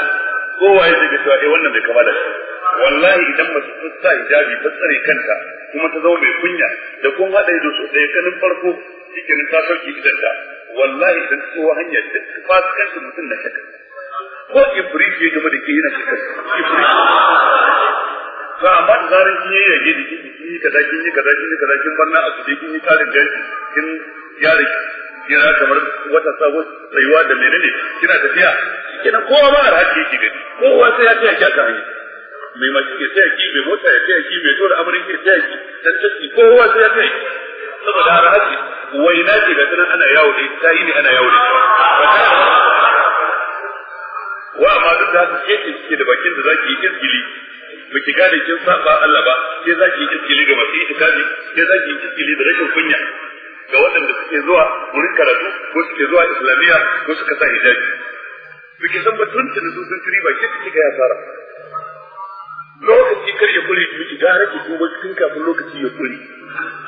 kowa ya daga cewa eh wannan bai kamala shi wallahi idan mace ta sa hijabi ta tsare kanta kuma ta zama mai kunya da kun haɗa ido so ɗaya kanin farko cikin ta sauki idan ta wallahi idan ta tsowa hanya da ta kanta mutum na shakka ko ibris ya gama da ke yana shakka ibris to amma da zarar kin yi yage da kin yi kaza kin yi kaza kin yi kaza kin banna a da kin yi tarin gaji kin yare kina kamar wata sabo tsayuwa da menene kina tafiya kina kowa ba har hakki ki gani kowa sai ya ce ya ka hanya mai mace ke taya ki mai mota ya taya ki mai tura amurin ke taya ki dan tafi kowa sai ya taya ki saboda har haji waina ce ga tunan ana yawo ne ta yi ne ana yawo ne wa amma duk da haka ke cike da bakin da zaki yi izgili ba ki gane kin saba Allah ba ke zaki yi izgili ga masu itikafi ke zaki yi izgili da rashin kunya ga waɗanda suke zuwa wurin karatu ko suke zuwa islamiyya ko suka sa hijabi. Bikin san ba tun tuni sun tuni ba ke suke ga yasara. lokaci kar ya kure ki ki gara ku tuba cikin kafin lokaci ya kure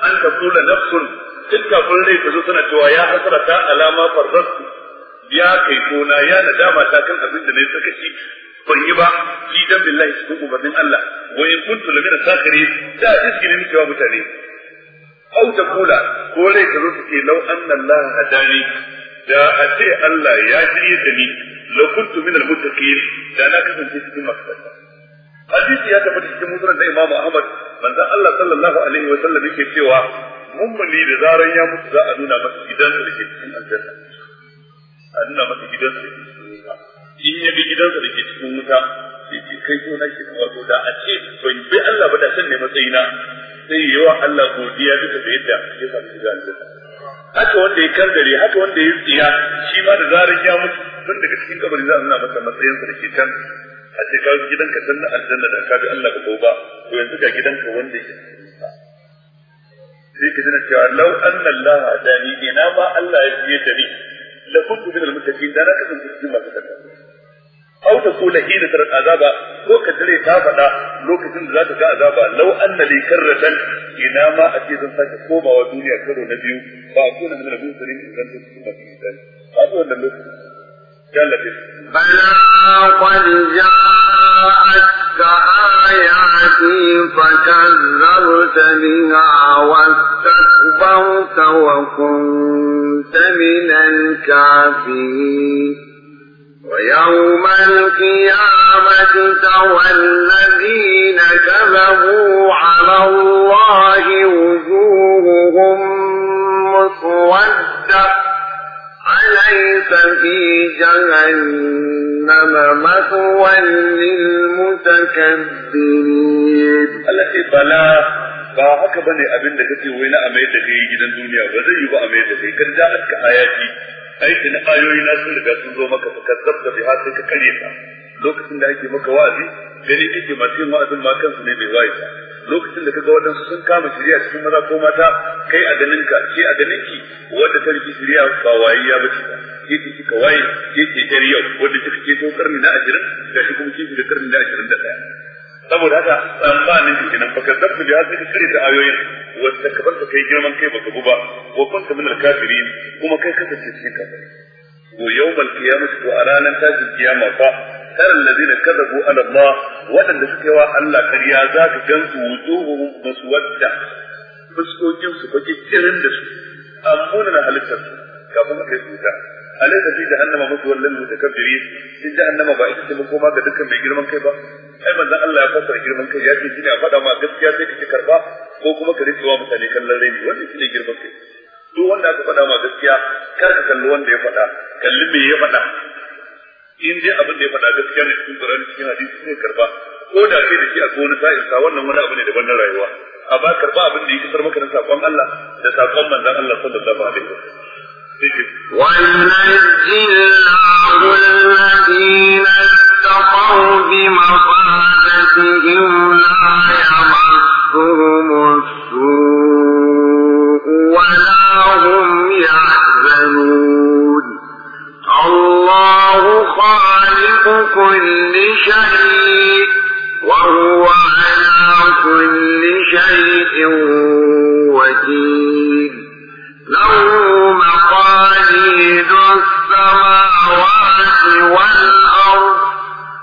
an ka kula nafsun cikin kafin rai ta zo tana cewa ya hasara ta alama farzatu ya kai kona ya nadama ta kan abin da ne sakaci ban yi ba fi dan billahi cikin umarnin Allah wa in kuntu lamina sakare da iskinin cewa mutane au ta kula ko rai ta zo ta ce lau anna Allah hadani da a ce Allah ya jiye da ni la min al-muttaqin da na kasance cikin masu hadisi ya tafi cikin musulun da imamu ahmad manza allah sallallahu alaihi wa sallam yake cewa mummuni da zaran ya mutu za a nuna masa gidansa da ke cikin aljanna a nuna masa gidansa da ke cikin wuta in ya bi gidansa da ke cikin wuta sai ke kai ko na ke wato da a ce ban bi allah ba da san ne matsayina sai yi wa allah godiya duka da yadda ya samu shiga aljanna haka wanda ya kardare haka wanda ya tsiya shi ma da zaran ya mutu tun daga cikin kabari za a nuna masa matsayinsa da ke can a ce ka gidanka san na aljanna da ka bi Allah ka ba to yanzu ga gidanka wanda yake sai ka tana cewa law anna Allah hadani ina ma Allah ya fiye ta ni la kuntu min al-muttaqin da na kasance cikin masu takawa aw ta kula hina tar azaba ko ka dare ta faɗa lokacin da zaka ga azaba law anna li karratan ina ma a ce zan sake komawa duniya karo na biyu ba a kuna min al-muttaqin zan cikin masu takawa ba wannan lokacin جلت بلى قد جاءتك آياتي فكذبت بها واستكبرت وكنت من الكافرين ويوم القيامة ترى الذين كذبوا على الله وجوههم مسودة أليس في جهنم مثوى للمتكبرين التي بلى ba haka bane abin da kace wai na amai da kai gidan duniya ba zai yi ba amai da kai kan da aka ayati aiki na ayoyi na sun riga sun zo maka ka kazzabta bi har sai ka kare ka. lokacin da ake maka wa'azi gani kake masu yin wa'azin ma kansu ne bai waye lokacin da kaga waɗansu sun kama shirya cikin maza ko mata kai a ganin ka ke a ganin ki wadda ta riki shirya ba wayayya ba ce ba ke ce kika waye ke ce jar yau wadda ta ke to karni na ashirin da shi kuma ke da karni na ashirin da ɗaya saboda haka tsammanin ke kenan baka zabta da haka ka kare da ayoyin wanda ka bar kai girman kai baka bu ba wa kunta min al-kafirin kuma kai kasance cikin kafirai yau yawmal qiyamah to a ranar tashin kiyama fa taral ladina kadabu ala Allah wadanda suka wa Allah kariya zaka gansu wujuhuhum muswadda su baki kirin da su amma na halittar su kafin kai zuta alaysa fi jahannama mutuwal lil mutakabbirin in jahannama ba ita ce makoma ga dukkan mai girman kai ba ai manzon Allah ya fassara girman kai ya ce shine a faɗa ma gaskiya sai ka ci karba ko kuma ka rikewa mutane kallon raini wannan shine girman kai duk wanda aka ma gaskiya kar ka wanda ya faɗa ya faɗa in dai abin da ya faɗa gaskiya ne cikin Qur'ani cikin hadisi ne karba ko da kai da shi a gona sa'in sa wannan wani abu ne daban na rayuwa a ba karba abin da ya kisar maka da sakon Allah da sakon manzon Allah sallallahu alaihi wasallam وينجي الله الذين اتقوا بمفازتهم لا يمسهم السوء ولا هم يحزنون كل شيء وهو على كل شيء وكيل له مقاليد السماوات والأرض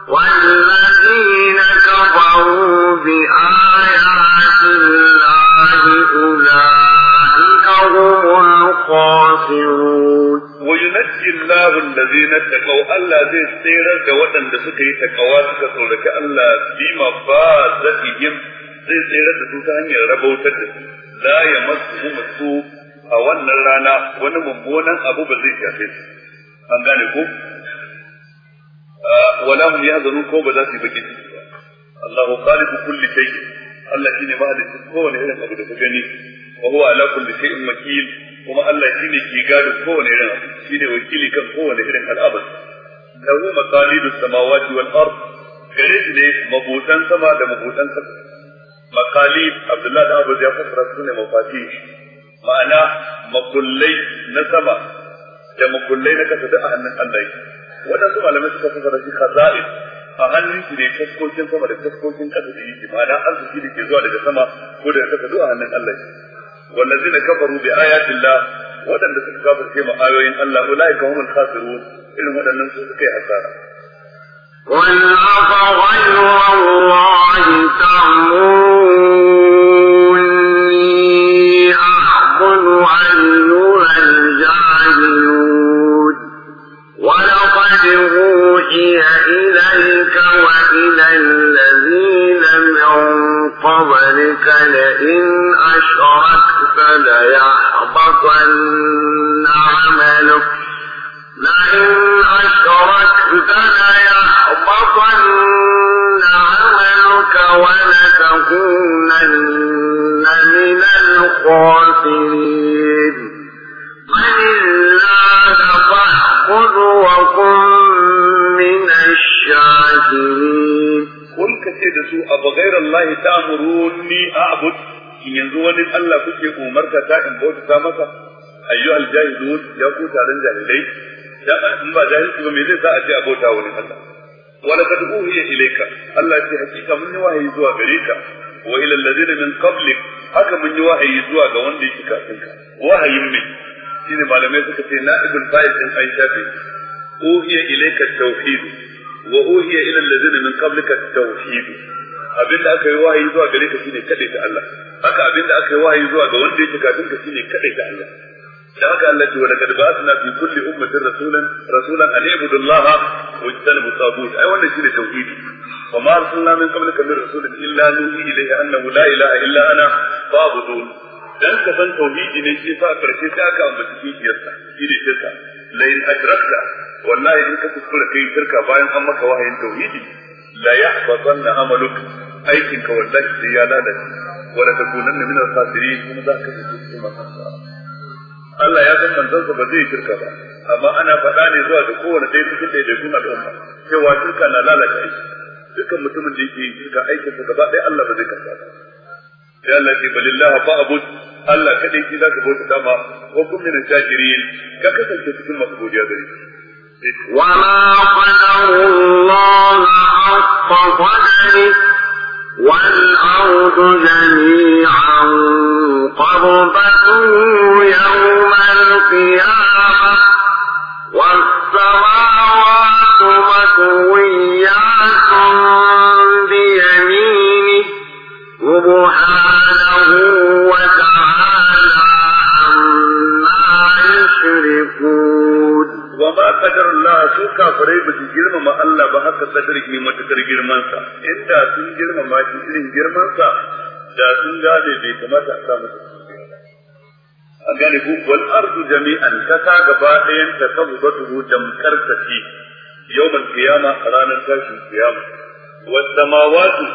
والذين كفروا بآيات الله أولئك هم الخاسرون wa yunajji Allahu allazina taqaw Allah zai tsirar da waɗanda suka yi takawa suka tsoraki Allah bi mafadatihim zai tsirar da su ta hanyar rabautar da su la yamassuhum su a wannan rana wani mummunan abu ba zai shafe an gane ko wala hum yahzanun ko ba za su yi bakin ciki ba Allahu khaliqu kulli Allah kowane gani ala kuma Allah shi ne ke gado kowane irin abu shi ne wakili kan kowane irin al'abar lahu maqalidu samawati wal ard gare shi ne mabutan sama da mabutan sama maqalid Abdullahi da Abu ya fassara su ne mafati ma'ana makullai na sama da makullai na kasa da a hannun Allah wadansu malamai suka fassara shi khaza'id a hannun shi ne taskokin sama da taskokin kasa da yake ma'ana arziki da ke zuwa daga sama ko daga kasa zuwa hannun Allah والذين كفروا بآيات الله وذن بس الكافر كيما آيوين الله أولئك هم الخاسرون إنهم وذن نمسوا في حسارة قل أفغير الله تعموني أخذ علم الجنة ولقد أوحي إليك وإلى الذين من قبلك لئن أشركت ليحبطن عملك لئن أشركت ليحبطن عملك ولتكونن من الخاسرين ولله فاحفظ وكن من الشاكرين قل كتير سوء بغير ni a أعبد in yanzu wani Allah kuke umarta ta in bauta ta masa Ayyu ayyuhal zuwa ya ku taron jahilai da in ba jahilci ba me zai sa a ce a bauta wani Allah wala kad uhiya ilayka Allah ce hakika mun yi wahayi zuwa gare ka wa ila da min qablik haka mun yi wahayi zuwa ga wanda yake kafin ka wahayin mai shine malamai suka ce na'ibul fa'il din ai shafi uhiya ilayka tauhid wa uhiya ila allazina min qablika tauhid abinda aka yi wahayi zuwa gare ka shine kadai ta Allah haka abinda aka yi wahayi zuwa ga wanda yake kafin ka shine kadai ta Allah da haka Allah ce wa laqad ba'athna fi kulli ummatin rasulan rasulan an ibudu Allah wa ijtanibu tagut ai wannan shine tauhidi wa ma arsalna min qablika min rasulin illa nuhi ilayhi annahu la ilaha illa ana fa'budun dan ka san tauhidi ne shi fa karshe sai aka ambaci kifiyarsa shi ne shirka la in adrakta wallahi in ka kuskura kai shirka bayan an maka wahayin tauhidi la yahbatanna amaluk aikin ka wallahi sai ya lalace wa la takunanna min al-khasirin kuma za ka ji cikin Allah ya san manzansa ba zai shirka ba amma ana faɗa ne zuwa ga kowane ɗaya cikin ɗaiɗaikun al'umma cewa shirka na lalata aiki dukkan mutumin da yake shirka aikinsa gaba ɗaya Allah ba zai karɓa ba. Ya Allah ce balillaha fa'bud Allah kadai shi zaka bauta dama wa kun min shakirin ka kasance cikin masu godiya gare shi وما قدر الله حق قدره والأرض جميعا قبضته يوم القيامة والسماوات مطويات بيمينه سبحانه وتعالى wa ba Allah su kafirai ba su girmama Allah ba haka kadarki matakar girman sa inda sun girmama shi irin girman sa da sun gane bai kamata a samu a gani ku wal ardu jami'an kasa gaba ɗayan ta tabbatu jamkar ta ce yawmal a ranar tashin qiyama was samawati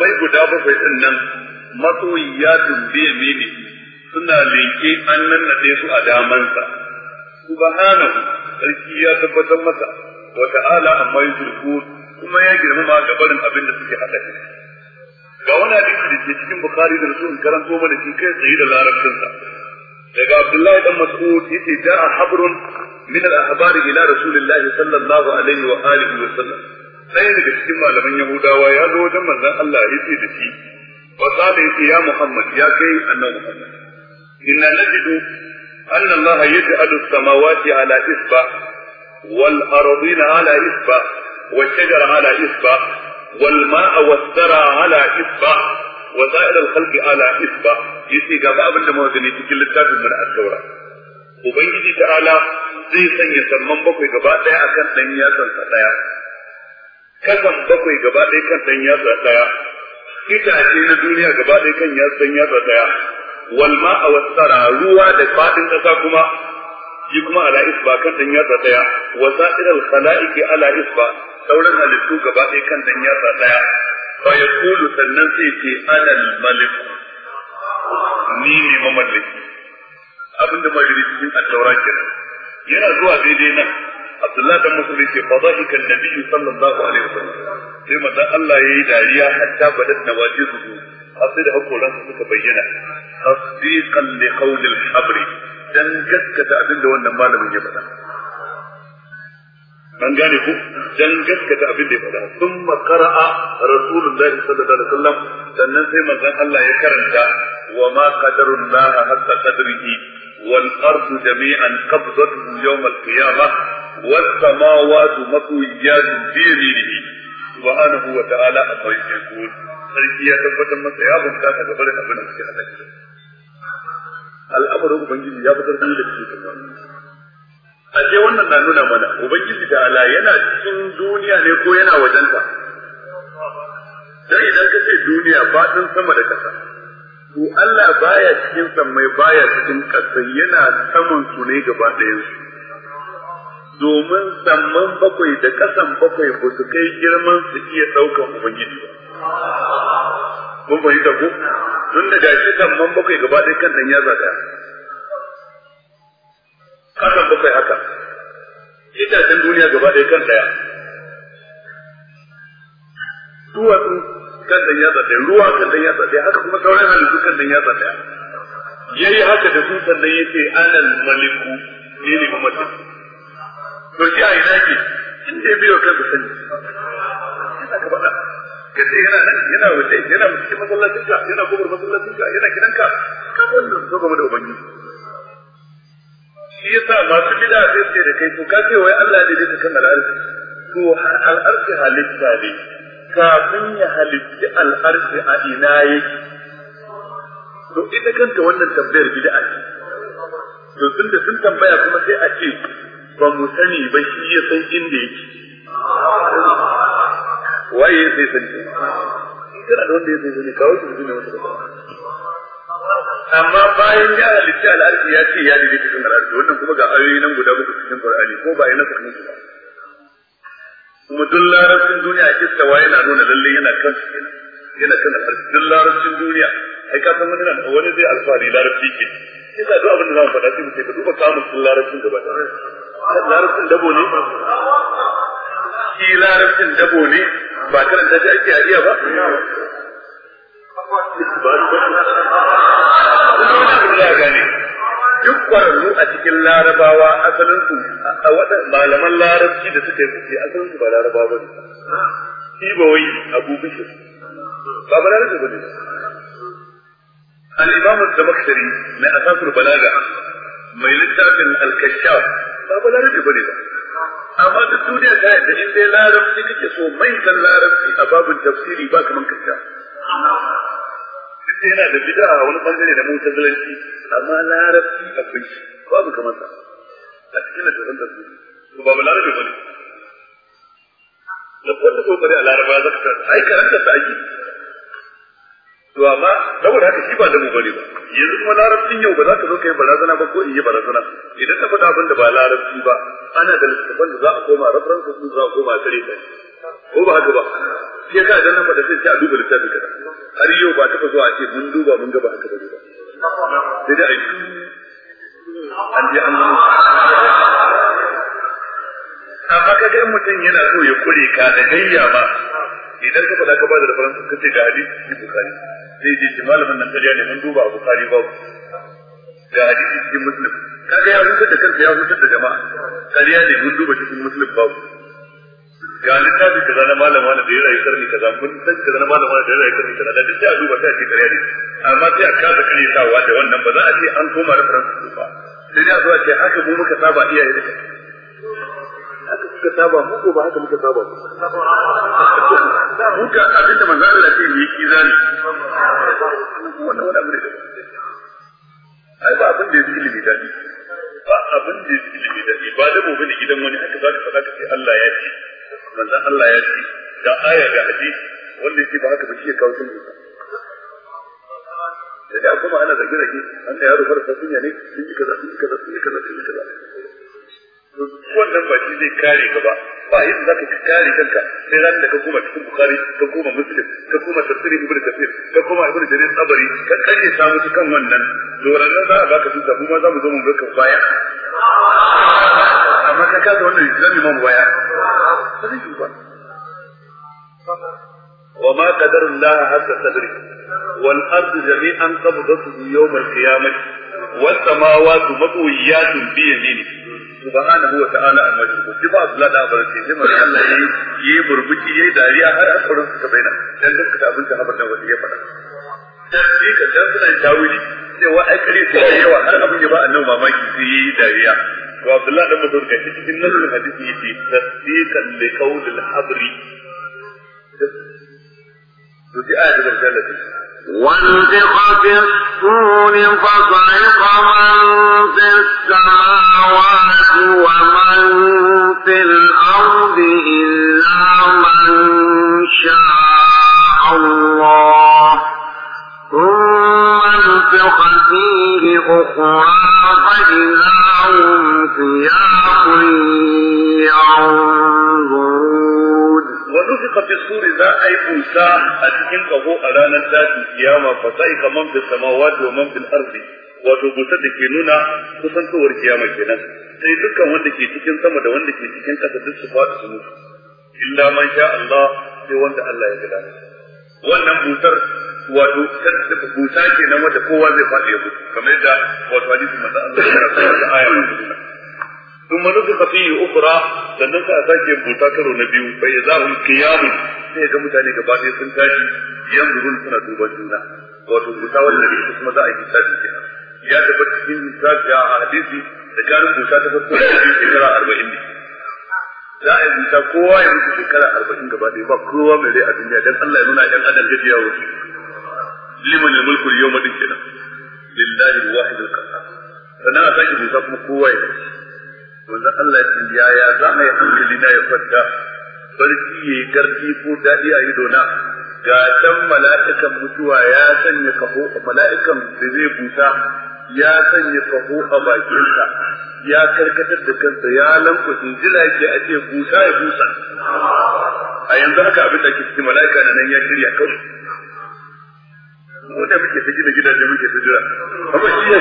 mai guda sai din nan ya bi yamini suna leke an nannaɗe su a damansa subhanahu sarki ya tabbatar masa wa ta'ala amma yushrikun kuma ya girma ga barin abin da suke haɗa. shi ga wani abin da ke cikin bukhari da rasul karanto mana shi kai tsaye da larabcin daga abdullahi dan mas'ud yace ja'a habrun min al-ahbar ila rasulillah sallallahu alaihi wa alihi wa sallam ɗaya daga cikin malaman yahudawa ya zo wajen manzon Allah yace da shi fa qala yace ya muhammad ya kai annabi muhammad inna najidu أن الله يجعل السماوات على إسبع والأرضين على إسبع والشجر على إسبع والماء والثرى على إسبع وسائر الخلق على إسبع يسي قبع أبن موزني في كل التاب من الدورة وبنجي تعالى zai sanya sannan bakwai gaba ɗaya akan ɗan yatsansa ɗaya kasan bakwai gaba ɗaya kan ɗan yatsa ɗaya itace na duniya gaba ɗaya kan yatsan yatsa ɗaya Walma a wasara ruwa da fadin kasa kuma shi kuma ala isba kan dan yatsa daya wa idan al khalaiqi ala isba sauran halittu gaba ɗaya kan dan yatsa daya fa yaqulu sannan sai ce ana al malik ni ne mamallaki abinda mai cikin at-taura kenan yana zuwa daidai nan Abdullahi dan Musulmi ce fa zahika an-nabi sallallahu alaihi wasallam sai mata Allah yayi dariya hatta badat nawajizu har sai da hakoransa suka bayyana tasdiqan li qawlil habri dan gaskata abin da wannan malamin ya faɗa an gane ku dan gaskata abin da ya faɗa sun makara'a rasulullahi sallallahu alaihi wasallam sannan sai manzon Allah ya karanta wa ma qadarullah hatta qadrihi wal ardu jami'an qabdatuhu yawm al qiyamah was samawati matwiyatun bi yaminihi subhanahu wa ta'ala amma yaqul sarki ya tabbatar masa ya bunƙasa ga barin abin da suke hada shi al'amarin ubangiji ya fitar da shi da a ce wannan na nuna mana ubangiji da ala yana cikin duniya ne ko yana wajenta dan idan ka ce duniya ba faɗin sama da ƙasa to Allah baya cikin sammai baya cikin ƙasa yana saman su ne gaba ɗayan su domin samman bakwai da ƙasan bakwai ba su kai girman su iya ɗaukan ubangiji ba Mun fahimta ku? tun da shi kan man bakwai gaba ɗaya kan nan ya zaga kasan bakwai haka itacen duniya gaba ɗaya kan ɗaya duwatsu kan nan ya zaga ruwa kan nan ya zaga haka kuma sauran halittu kan nan ya zaga ya yi haka da su sannan ya ce anan maliku ne ne mamacin to shi a ina ke inda ya biyo kansa sani ka faɗa ka ce yana nan yana waje yana cikin masallacinka yana gobar masallacinka yana gidanka ka wannan so game da ubangiji shi yasa masu bid'a sai ce da kai to ka ce wai Allah ne zai kammala arziki to al'arshi halitta ne kafin ya halitti al'arshi a ina yake to ita kanta wannan tambayar bid'a ce to tunda sun tambaya kuma sai a ce ba mu sani ba shi ya san inda yake waye ya sai sani kana da wanda ya sai sani kawo shi mutum ne masa da amma bayan ya halitta al'arfi ya ce ya dide cikin al'arfi wannan kuma ga ayoyi nan guda uku cikin qur'ani ko ba yana kan ba kuma duk larabcin duniya a kistawa yana nuna lallai yana kan yana kan al'arfi duk larabcin duniya ai ka san wani na wani zai alfahari larabci ke kisa duk abin da zamu faɗa sai mu ce ka duba kamun sun larabcin gaba ɗaya larabcin dabo ne shi larabcin dabo ne ba karanta shi ake a iya ba duk kwararru a cikin larabawa asalinsu a waɗan malaman larabci da suka yi kuke asalinsu ba larabawa ba ne shi ba wai abu bishir ba ba larabci ba ne Al’imamu da makshari mai asasur balaga mai littafin al ba ba larabci ba ne ba amma duk duniya ta yadda in sai larabci kake so mai kan larabci a babin tafsiri ba kaman kanta duk da yana da bid'a wani bangare da mutazilanci amma larabci akwai shi babu kamar sa a cikin da tafsirin tafsiri to babu larabci wani da kwanta kokari a laraba zaka ai karanta ta ake to amma saboda haka shi ba mu bari ba yanzu kuma larabcin yau ba za ka zo kai barazana ba ko in yi barazana idan ka faɗa abin da ba larabci ba ana da littattafan da za a koma rafransa din za a koma a kare kai ko ba haka ba ya ka idan na da sai a duba littafin kada har yau ba taɓa zuwa a ce mun duba mun ga ba haka ne ba sai da a yi an je an amma kaga in mutum yana so ya kure ka da gayya ba idan ka faɗa ka ba da referensu ka ce ga hadisi cikin bukari zai je ki malamin nan kariya ne mun duba a bukari babu ga hadisi cikin muslim kaga ya hutar da kansa ya hutar da jama'a kariya ne mun duba cikin muslim ku. ga littafi kaza na malama da ya rayu karni kaza mun san kaza na malama da ya rayu karni kaza da duk a duba sai a ce kariya ne amma sai a kasa kare sawa da wannan ba za a ce an koma referensu ba sai ne a zo a ce haka mu muka saba iyaye da kai haka suka saba mu ko ba haka muka saba mu muka abinda manzo Allah ce ne ki zani wannan wani abu ne ai ba abin da yake ilimi dadi ba abin da yake ilimi dadi ba da mu bane gidan wani haka zaka faɗa ka ce Allah ya ce manzo Allah ya ce da aya ga hadisi wanda yake ba haka ba shi ya kawo sun da kuma ana zage-zage an da yaro farfasa sun ne sun yi kaza sun yi kaza sun yi kaza sun yi kaza wannan ba shi zai kare ka ba ba yadda za ka kare kanka sai ran da ka koma cikin bukari ka koma muslim ka koma tafsiri ibnu kafir ka koma ibnu jarir tsabari ka kake samu kan wannan doran za a ka tuta kuma za mu zo mu baka baya amma ka kaza wannan islami mu baya ba zai yi ba وما قدر الله حق قدره والأرض جميعا قبضته يوم القيامة والسماوات مطويات بيمينه سبحانه وتعالى amma shi ko ba Abdullah da barke sai manzo Allah ne yi burbuki yayi dariya har asarin suka bayyana dan duk abin da habar da wanda ya faɗa sai ka dan suna tawili sai wa ai ta sai yawa har abin ya ba annabi mamaki sai yayi dariya to Abdullah dan Mas'ud ka shi cikin nan hadisi yace tasdiqan li qawlil habri to sai ayatu da Allah وانفق في الصور فصعق من في السماوات ومن في الأرض إلا من شاء الله ثم انفق فيه أخرى فإذا هم سياق ينظر ونفق في الصور ذا a بوسا أتكين كهو أرانا ذات القيامة فسائق من في السماوات ومن في الأرض wato busa da ke nuna kusantowar kiyama kenan sai dukkan wanda ke cikin sama da wanda ke cikin ƙasa duk su faɗi su mutu illa man sha Allah sai wanda Allah ya gida wannan busar wato busa ke na wanda kowa zai faɗi ya mutu kamar yadda wato hadisi manzo Allah ya karanta a ayar ثم نفخ فيه أخرى sannan sai a sake buta karo na biyu bai za hum qiyamun sai ga mutane gaba ɗaya sun tashi yanzu run suna duban juna wato buta wannan da kuma za a yi tashi kenan ya tabbata cikin hisabi a hadisi da karin buta ta farko da cikin shekara arba'in ne za a yi buta kowa ya mutu shekara arba'in gaba ɗaya ba kowa mai rai a duniya dan Allah ya nuna ɗan adam gajiya wa liman al-mulku yau yawma din kenan lillahi al-wahid sannan a sake buta kuma kowa ya tashi manzon Allah ya ce ya za mu yi hankali na ya kwanta barci yi karfi ko daɗi a ido na ga dan mala'ikan mutuwa ya sanya kaho mala'ikan da zai busa ya sanya kaho a bakinsa ya karkatar da kansa ya in jira ke a ce busa ya busa a yanzu haka abin da ke cikin mala'ika na nan ya shirya kai mu da muke ta gina gidaje muke ta jira amma shi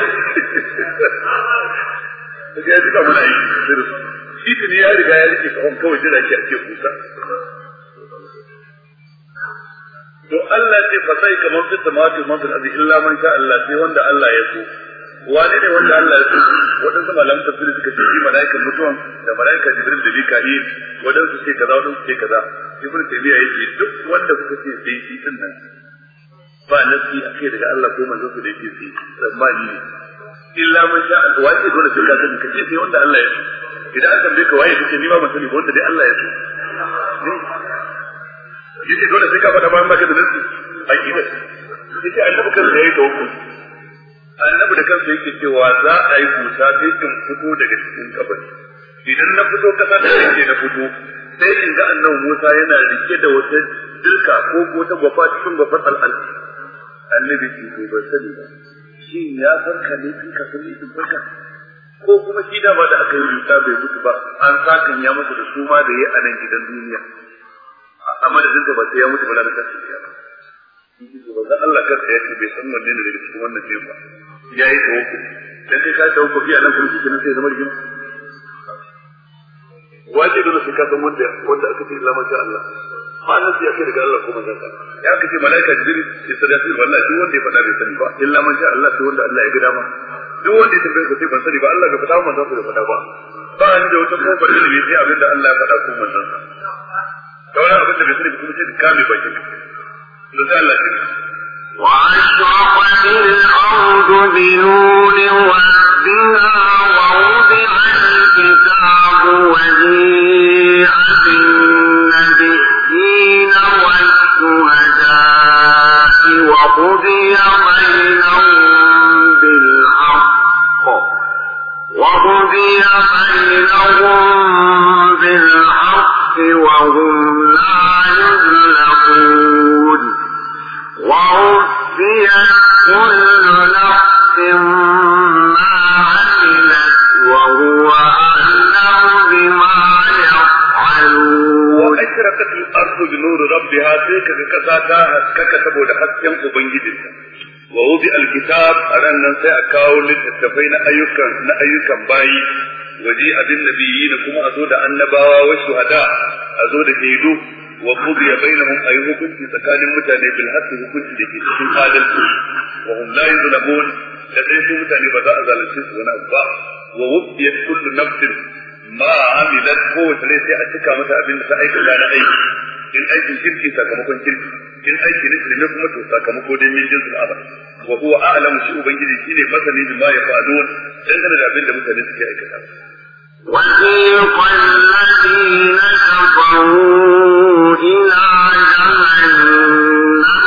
daga ya duka muna yi shirin shi ta ne ya riga ya rike kafan kawai jira shi a ce kusa to Allah ce fa sai kamar fi tamatu man fil ardi illa man sha Allah sai wanda Allah ya so wane ne wanda Allah ya so wadansu malaman tafsiri suka ce shi malaikan mutuwan da malaikan jibril da mika'il wadansu sai kaza wadansu sai kaza ibnu ya yace duk wanda kuka ce sai shi din nan ba nasi akai daga Allah ko manzon su da yake sai tsammani ne illa man sha Allah wace dole sai ka sani kace sai wanda Allah ya so idan an bi ka waye kace ni ma ban sani ba wanda dai Allah ya so yace dole sai ka fada ba maka da nasi aqida yace annabi kan sai ya tawakkul annabi da kansa yake cewa za a yi kusa sai in fito daga cikin kabari idan na fito kasa da yake na fito sai in ga annabi Musa yana rike da wata dirka ko wata gwafa cikin gwafar al'al annabi ke ba sani ba shi ya san ka ne ka san ne farka ko kuma shi da ba da aka yi rusa bai mutu ba an sakan ya mutu da su ma da ya a nan gidan duniya a madadin da ba sai ya mutu ba da ta ce ya ba ba Allah ka tsaya ce bai san wanne ne da cikin wannan ce ba ya yi tawakkuli dan kai ka tawakkuli a nan kuma shi kenan sai zama rigima wajibi ne sai ka san wanda wanda aka ce lamar Allah ba annabi ya ce daga Allah ko manzon sa ya kace malaika jibril istidafil wallahi duk wanda ya faɗa bai sani ba illa man sha Allah sai wanda Allah ya ga dama duk wanda ya tambaye ku sai ban sani ba Allah bai faɗa manzon sa bai faɗa ba ba ni da wata kofar ilimi sai abin da Allah ya faɗa ko manzon sa da wani abin da bai sani ba kuma sai ka kame bakin ka da sai Allah ya وأشرقت الأرض بنور ربها ووضع الكتاب وجيء بالنبي yakhruj nuru rabbiha sai kaga kasa ta haskaka saboda hasken ubangijinta wa wudi alkitab aran nan sai a kawo littattafai na ayyukan na ayyukan bayi waje abin nabiyyin kuma a zo da annabawa wa shuhada a zo da shaidu wa qudiya bainahum ay hukunci tsakanin mutane bil haqqi hukunci da ke cikin adalci wa hum la yuzlamun da dai su mutane ba za a zalunce su wani abu ba wa wudiyat kullu nafsin ma amilat ko rai sai a cika mata abin da ta aikata na aiki in aiki kirki sakamakon kirki in aiki na ne kuma to sakamako dai min jinsu amal wa huwa a'lamu shi ubangiji shine masani bi ma dan dangane da abin da mutane suke aikata وسيق الذين كفروا إلى جهنم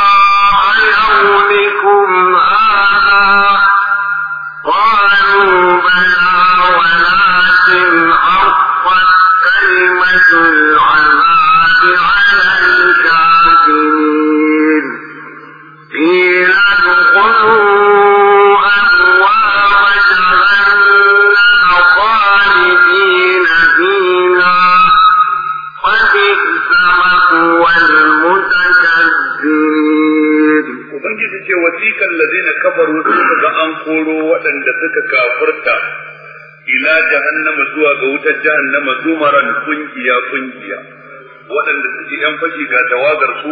wasiqal ladina kafaru suka ga an koro waɗanda suka kafirta ila jahannama zuwa ga wutar jahannama zumaran kungiya kungiya waɗanda suke yan fashi ga tawagar su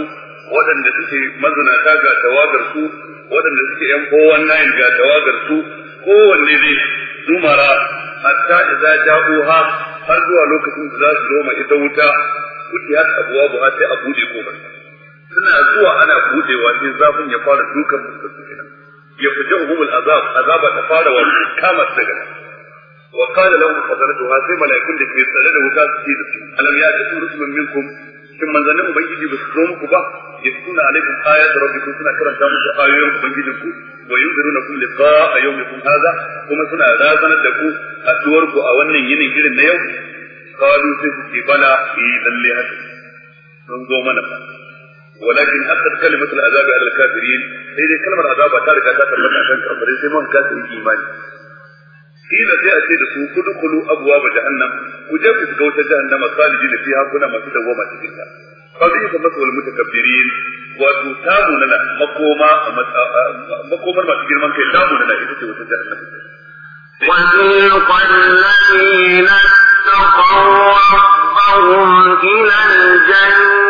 waɗanda suke mazinata ga tawagar su waɗanda suke yan kowan nayin ga tawagar su kowanne ne zumara hatta idza ja'uha har zuwa lokacin da za su zo ma ita wuta kuti har abuwa ba sai a bude komai suna zuwa ana budewa sai zafin ya fara dukan fuskar su kenan ya fuje humul azab azaba ta fara wa kama daga nan wa qala lahum khazanatuha sai malaikun da ke tsare da wuta su ce da su alam ya ta rusulun minkum kin manzannin ubangiji ba su zo muku ba ya suna alaikum ayat rabbikum suna karanta muku ayoyin ubangijin ku wa yunziruna kum mai yawmikum hadha kuma suna razanar da ku haduwar ku a wannan yinin irin na yau qalu sai su ce bala yi eh, lalle haka sun zo mana ba ولكن أخذ كلمة العذاب على الكافرين إذا كلمة العذاب تارك أتاك لك عشان كافرين سيما كافرين إيماني إذا جاء سيد سوء ادخلوا أبواب جهنم وجاءت تقوت جهنم خالدين فيها كنا ما تدوما تلك قضية مثوى المتكبرين وتتابوا لنا مقوما مقوما ما تجير من كي لاموا لنا إذا جاءت جهنم وذوق الذين اتقوا ربهم إلى الجنة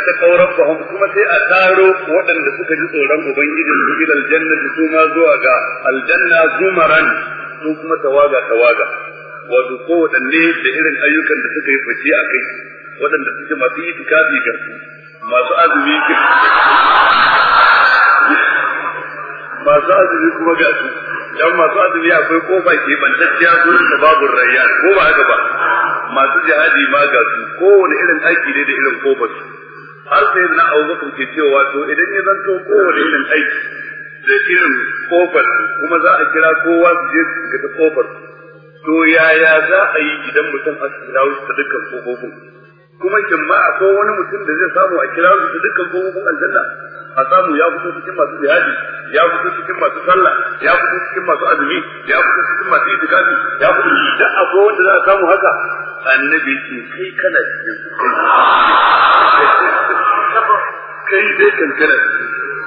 wattaqaw rabbahum kuma sai a taro waɗanda suka ji tsoron ubangijin su ila Aljanna su ma zuwa ga aljanna zumaran su kuma tawaga tawaga wato ko waɗanne da irin ayyukan da suka yi fice a kai waɗanda suke masu yi itikafi ga su masu azumi masu azumi kuma ga su dan masu azumi akwai kofa ke bantacciya gurin da babu rayyan ko ba haka ba masu jihadi ma ga su kowane irin aiki ne da irin kofar su har sai na abubakar ke cewa to idan ya zanto kowane irin aiki da irin kofar kuma za a kira kowa su je su ga kofar to yaya za a yi idan mutum a kira su dukkan kofofin kuma kin ma akwai wani mutum da zai samu a kira su dukkan kofofin aljanna a samu ya fito cikin masu jihadi ya fito cikin masu sallah ya fito cikin masu azumi ya fito cikin masu itikafi ya fito da akwai wanda za a samu haka annabi ce kai kana cikin kai dai kankana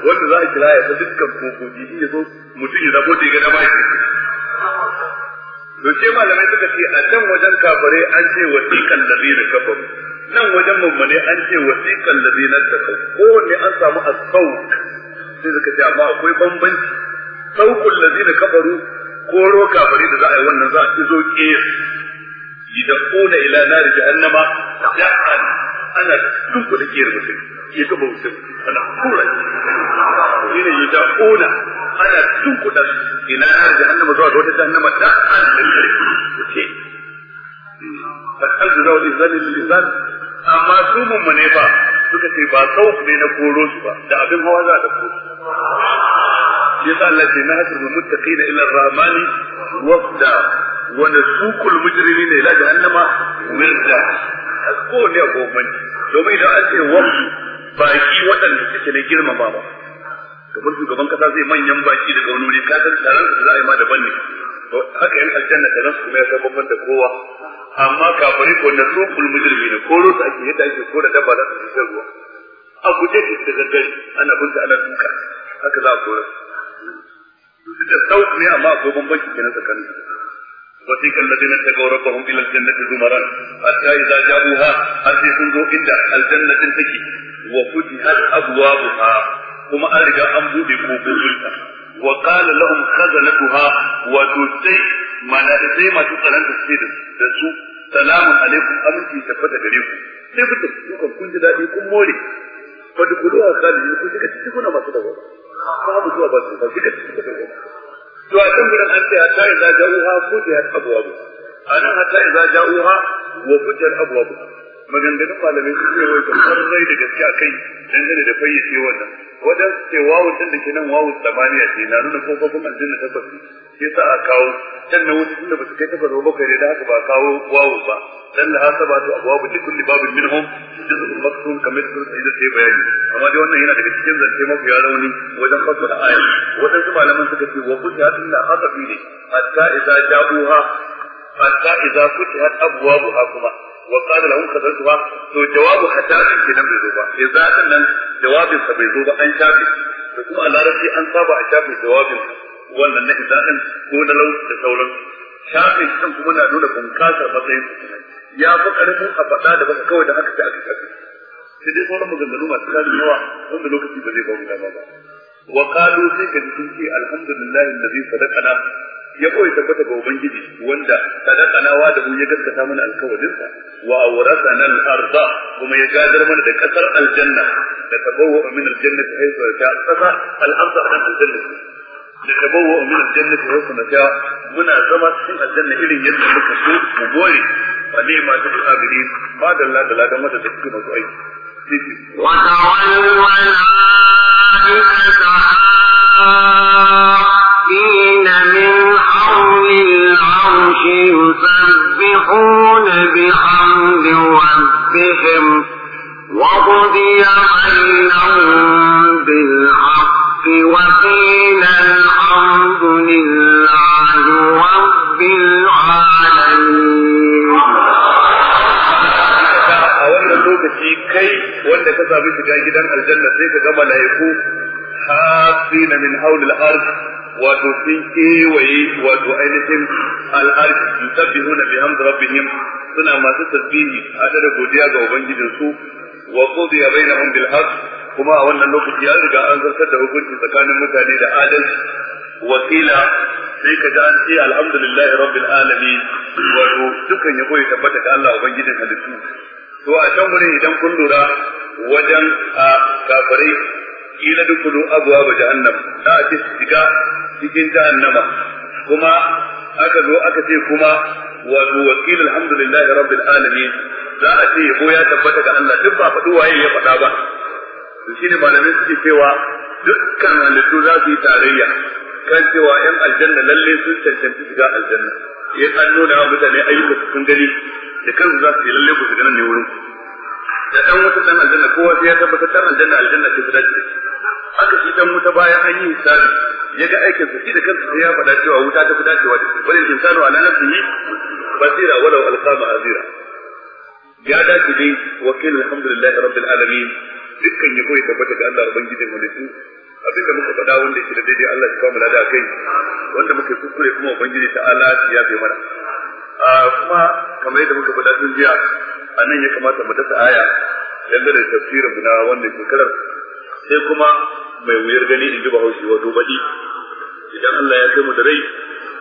wanda za a kira ya ta dukkan kofofi in ya zo mutum ya zabo da ya gada mai to ce malamai suka ce a can wajen kafare an ce wasiqan da kafaru nan wajen mummune an ce wasiqan ladina da ko kowanne an samu a sauk sai suka ce amma akwai bambanci sauƙun da kafaru ko ro kafare da za a yi wannan za a izo kiyas yidquna ila nar jahannama da'an ana dunku da kiyar mutum ya gaba mutum ana kura shi ne yidquna ana dunku da ila nar jahannama zuwa ga jahannama da'an da kike fakalzu da izani da izan amma su mun ne ba suka ce ba kawai ne na koro su ba da abin hawa za da koro yasa Allah ce na da muttaqina da ar-rahmani wafda wa ne mujrimina ila jahannama wirda ko ne ko mun domin idan an ce wasu baki waɗanda suke na girmama ba kamar shugaban kasa zai manyan baki daga wani wuri ka san taron su za a yi ma daban ne to haka yin aljanna da nan kuma ya san babban da kowa amma kafiri ko na sukul mujrimi ne ko rusa ake yadda ake ko da dabba za su shiga ruwa a guje ki daga gari ana bunta ana duka haka za a kora Duk da sauki ne amma akwai bambanci kenan tsakanin وسيق الذين اتقوا ربهم الى الجنه زمرا حتى اذا جاءوها حتى سنزوا عند الجنه تكي وفتحت ابوابها كما ارجع ان بودي قبولها وقال لهم خزنتها وتسي ملائكه ما تسالن تسيد دسو سلام عليكم امنتي تفتا غريكم sai kuka kuka kun ji daɗi kun more fa dukulu a khalidi kun kika ci kuna masu dawo babu zuwa ba su ba kika ci nan gudan an ce hatta idza ja'uha futihat abwabuha anan hatta idza ja'uha wa maganganun malamai sun ce wata kwarai da gaske a kai dangane da fayyace wannan wajen ce wawu can da ke nan wawu tsamaniya ce na nuna kofofin da tabbas shi sa a kawo can na wuce tunda ba su kai tabbas ba bakwai ne da haka ba kawo wawu ba dan la hasaba to abwabu li kulli babin minhum juz'un maqsum kama yadkur sai da sai bayani amma dai wannan yana daga cikin zance mafi ya rauni wajen fassara wajen wadansu malaman suka ce wa kujatin la hasabi ne hatta idza ja'uha hatta idza futihat abwabuha kuma wa qala lahum khazantuha to jawabu hatta din kenan bai zo ba idza din nan jawabin bai zo ba an shafe da kuma a larabci an saba a jawabin wannan na idza din ko na lau da sauran shafe shi kuma na nuna bunkasar matsayin ya fi karfin a da kawai da haka aka shafe sai dai sauran maganganu masu yawa wanda lokaci ba zai ba mu dama ba وقالوا sai ka sun ce alhamdulillah ya koyi tabbata ga ubangiji wanda sadaqanawa da mu ya gaskata mana alkawarinsa wa awrasana al-ardha kuma ya gadar mana da kasar aljanna da tabawwa min aljannati haythu ta tsaka al-ardha an aljanna da tabawwa min aljannati haythu ta muna zama cikin aljanna irin yadda muka so mu gore fa ne ma da abidi ba da Allah da ladan mata da cikin masu aiki wa ta'awwal wa من حول العرش يسبحون بحمد ربهم وقضي بينهم بالحق وقيل الحمد لله رب العالمين a wannan lokaci kai wanda ka sami shiga gidan aljanna sai ka ga mala'iku hasi na min haulil arsh wato sun kewaye wato ainihin al'arshi yusabbihuna bihamdi rabbihim suna masu tasbihi hada da godiya ga ubangijin su wa qudiya bainahum bil haqq kuma a wannan lokaci ya riga an zartar da hukunci tsakanin mutane da adalci wakila sai ka ji an ce alhamdulillahi rabbil alamin wato dukkan yabo ya tabbata ga Allah ubangijin halittu to a can wurin idan kun lura wajen a kafirai ila dukulu abwaab jahannam za a ce shiga cikin jahannama kuma aka zo aka ce kuma wato wakil alhamdulillahi rabbil alamin za a ce ko ya tabbata ga Allah duk ba faɗi waye ya faɗa ba to shine malamai suke cewa dukkan halittu za su yi tarayya kan cewa yan aljanna lalle sun cancanci shiga aljanna in an nuna wa mutane ayyuka sun gani da kansu za su yi lalle ku shiga nan ne wurin da dan wata dan aljanna kowa sai ya tabbatar dan aljanna aljanna ce guda ce haka shi dan wata bayan an yi hisabi ya ga aikin su shi da kansa sai ya faɗa cewa wuta ta fi dacewa da shi bal insanu ala nafsihi basira walau alqama azira ya dace dai wakil qila alhamdulillahi rabbil alamin dukkan ya koyi tabbata ga Allah ubangijin su, abin da muka faɗa wanda yake da daidai Allah ya kawo lada kai wanda muka kuskure kuma ubangiji ta Allah ya bai mana ah, kuma kamar yadda muka faɗa sun jiya anan ya kamata mu dasa aya dangane da tafsirin mu wannan shekarar sai kuma mai wuyar gani in ji bahaushe wato baɗi idan Allah ya kai mu da rai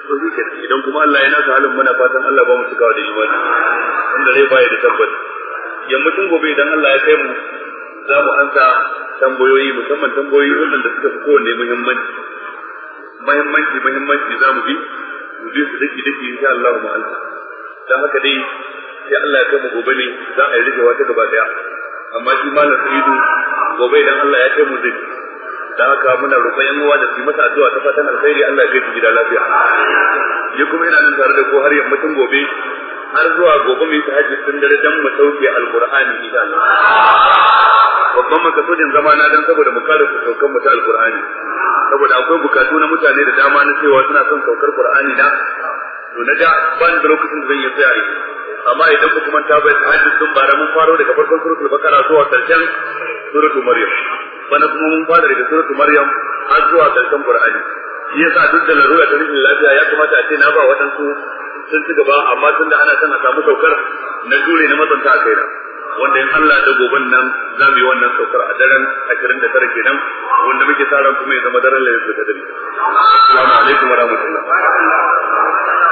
to shi ke idan kuma Allah ya nasa halin muna fatan Allah ba mu cikawa da imani wanda zai baya da tabbata yammacin gobe idan Allah ya kai mu za mu ansa tambayoyi musamman tambayoyi da suka fi kowanne muhimmanci muhimmanci muhimmanci za mu bi mu bi su daki daki insha Allah mu Allah dan haka dai sai Allah ya kai mu gobe ne za a yi rijewa ta gaba daya amma shi malam sa'idu gobe idan Allah ya kai mu zai da haka muna roƙon yan uwa da su masa addu'a ta fatan alkhairi Allah ya kai gida lafiya ni kuma ina nan tare da ko har yammacin gobe har zuwa gobe mu yi tahajjud tun dare dan mu sauke alqur'ani insha Allah babban makasudin zama na dan saboda mu kare ku saukan mu ta alqur'ani saboda akwai bukatu na mutane da dama na cewa suna son saukar qur'ani da to na da ba ni da lokacin da zan yi tsaya amma idan ku kuma ta bai hajjin sun bara mun faro daga farkon suratul bakara zuwa karshen suratul maryam bana kuma mun fara daga suratul maryam har zuwa karshen qur'ani shi yasa duk da larura ta rikin lafiya ya kamata a ce na ba waɗansu sun ci gaba amma tun da ana son a samu saukar na jure na matsanta a kaina wanda in Allah da goben nan za mu yi wannan saukar a daren da 29 kenan wanda muke sa ran kuma ya zama daren laifin da dare assalamu alaikum wa rahmatullah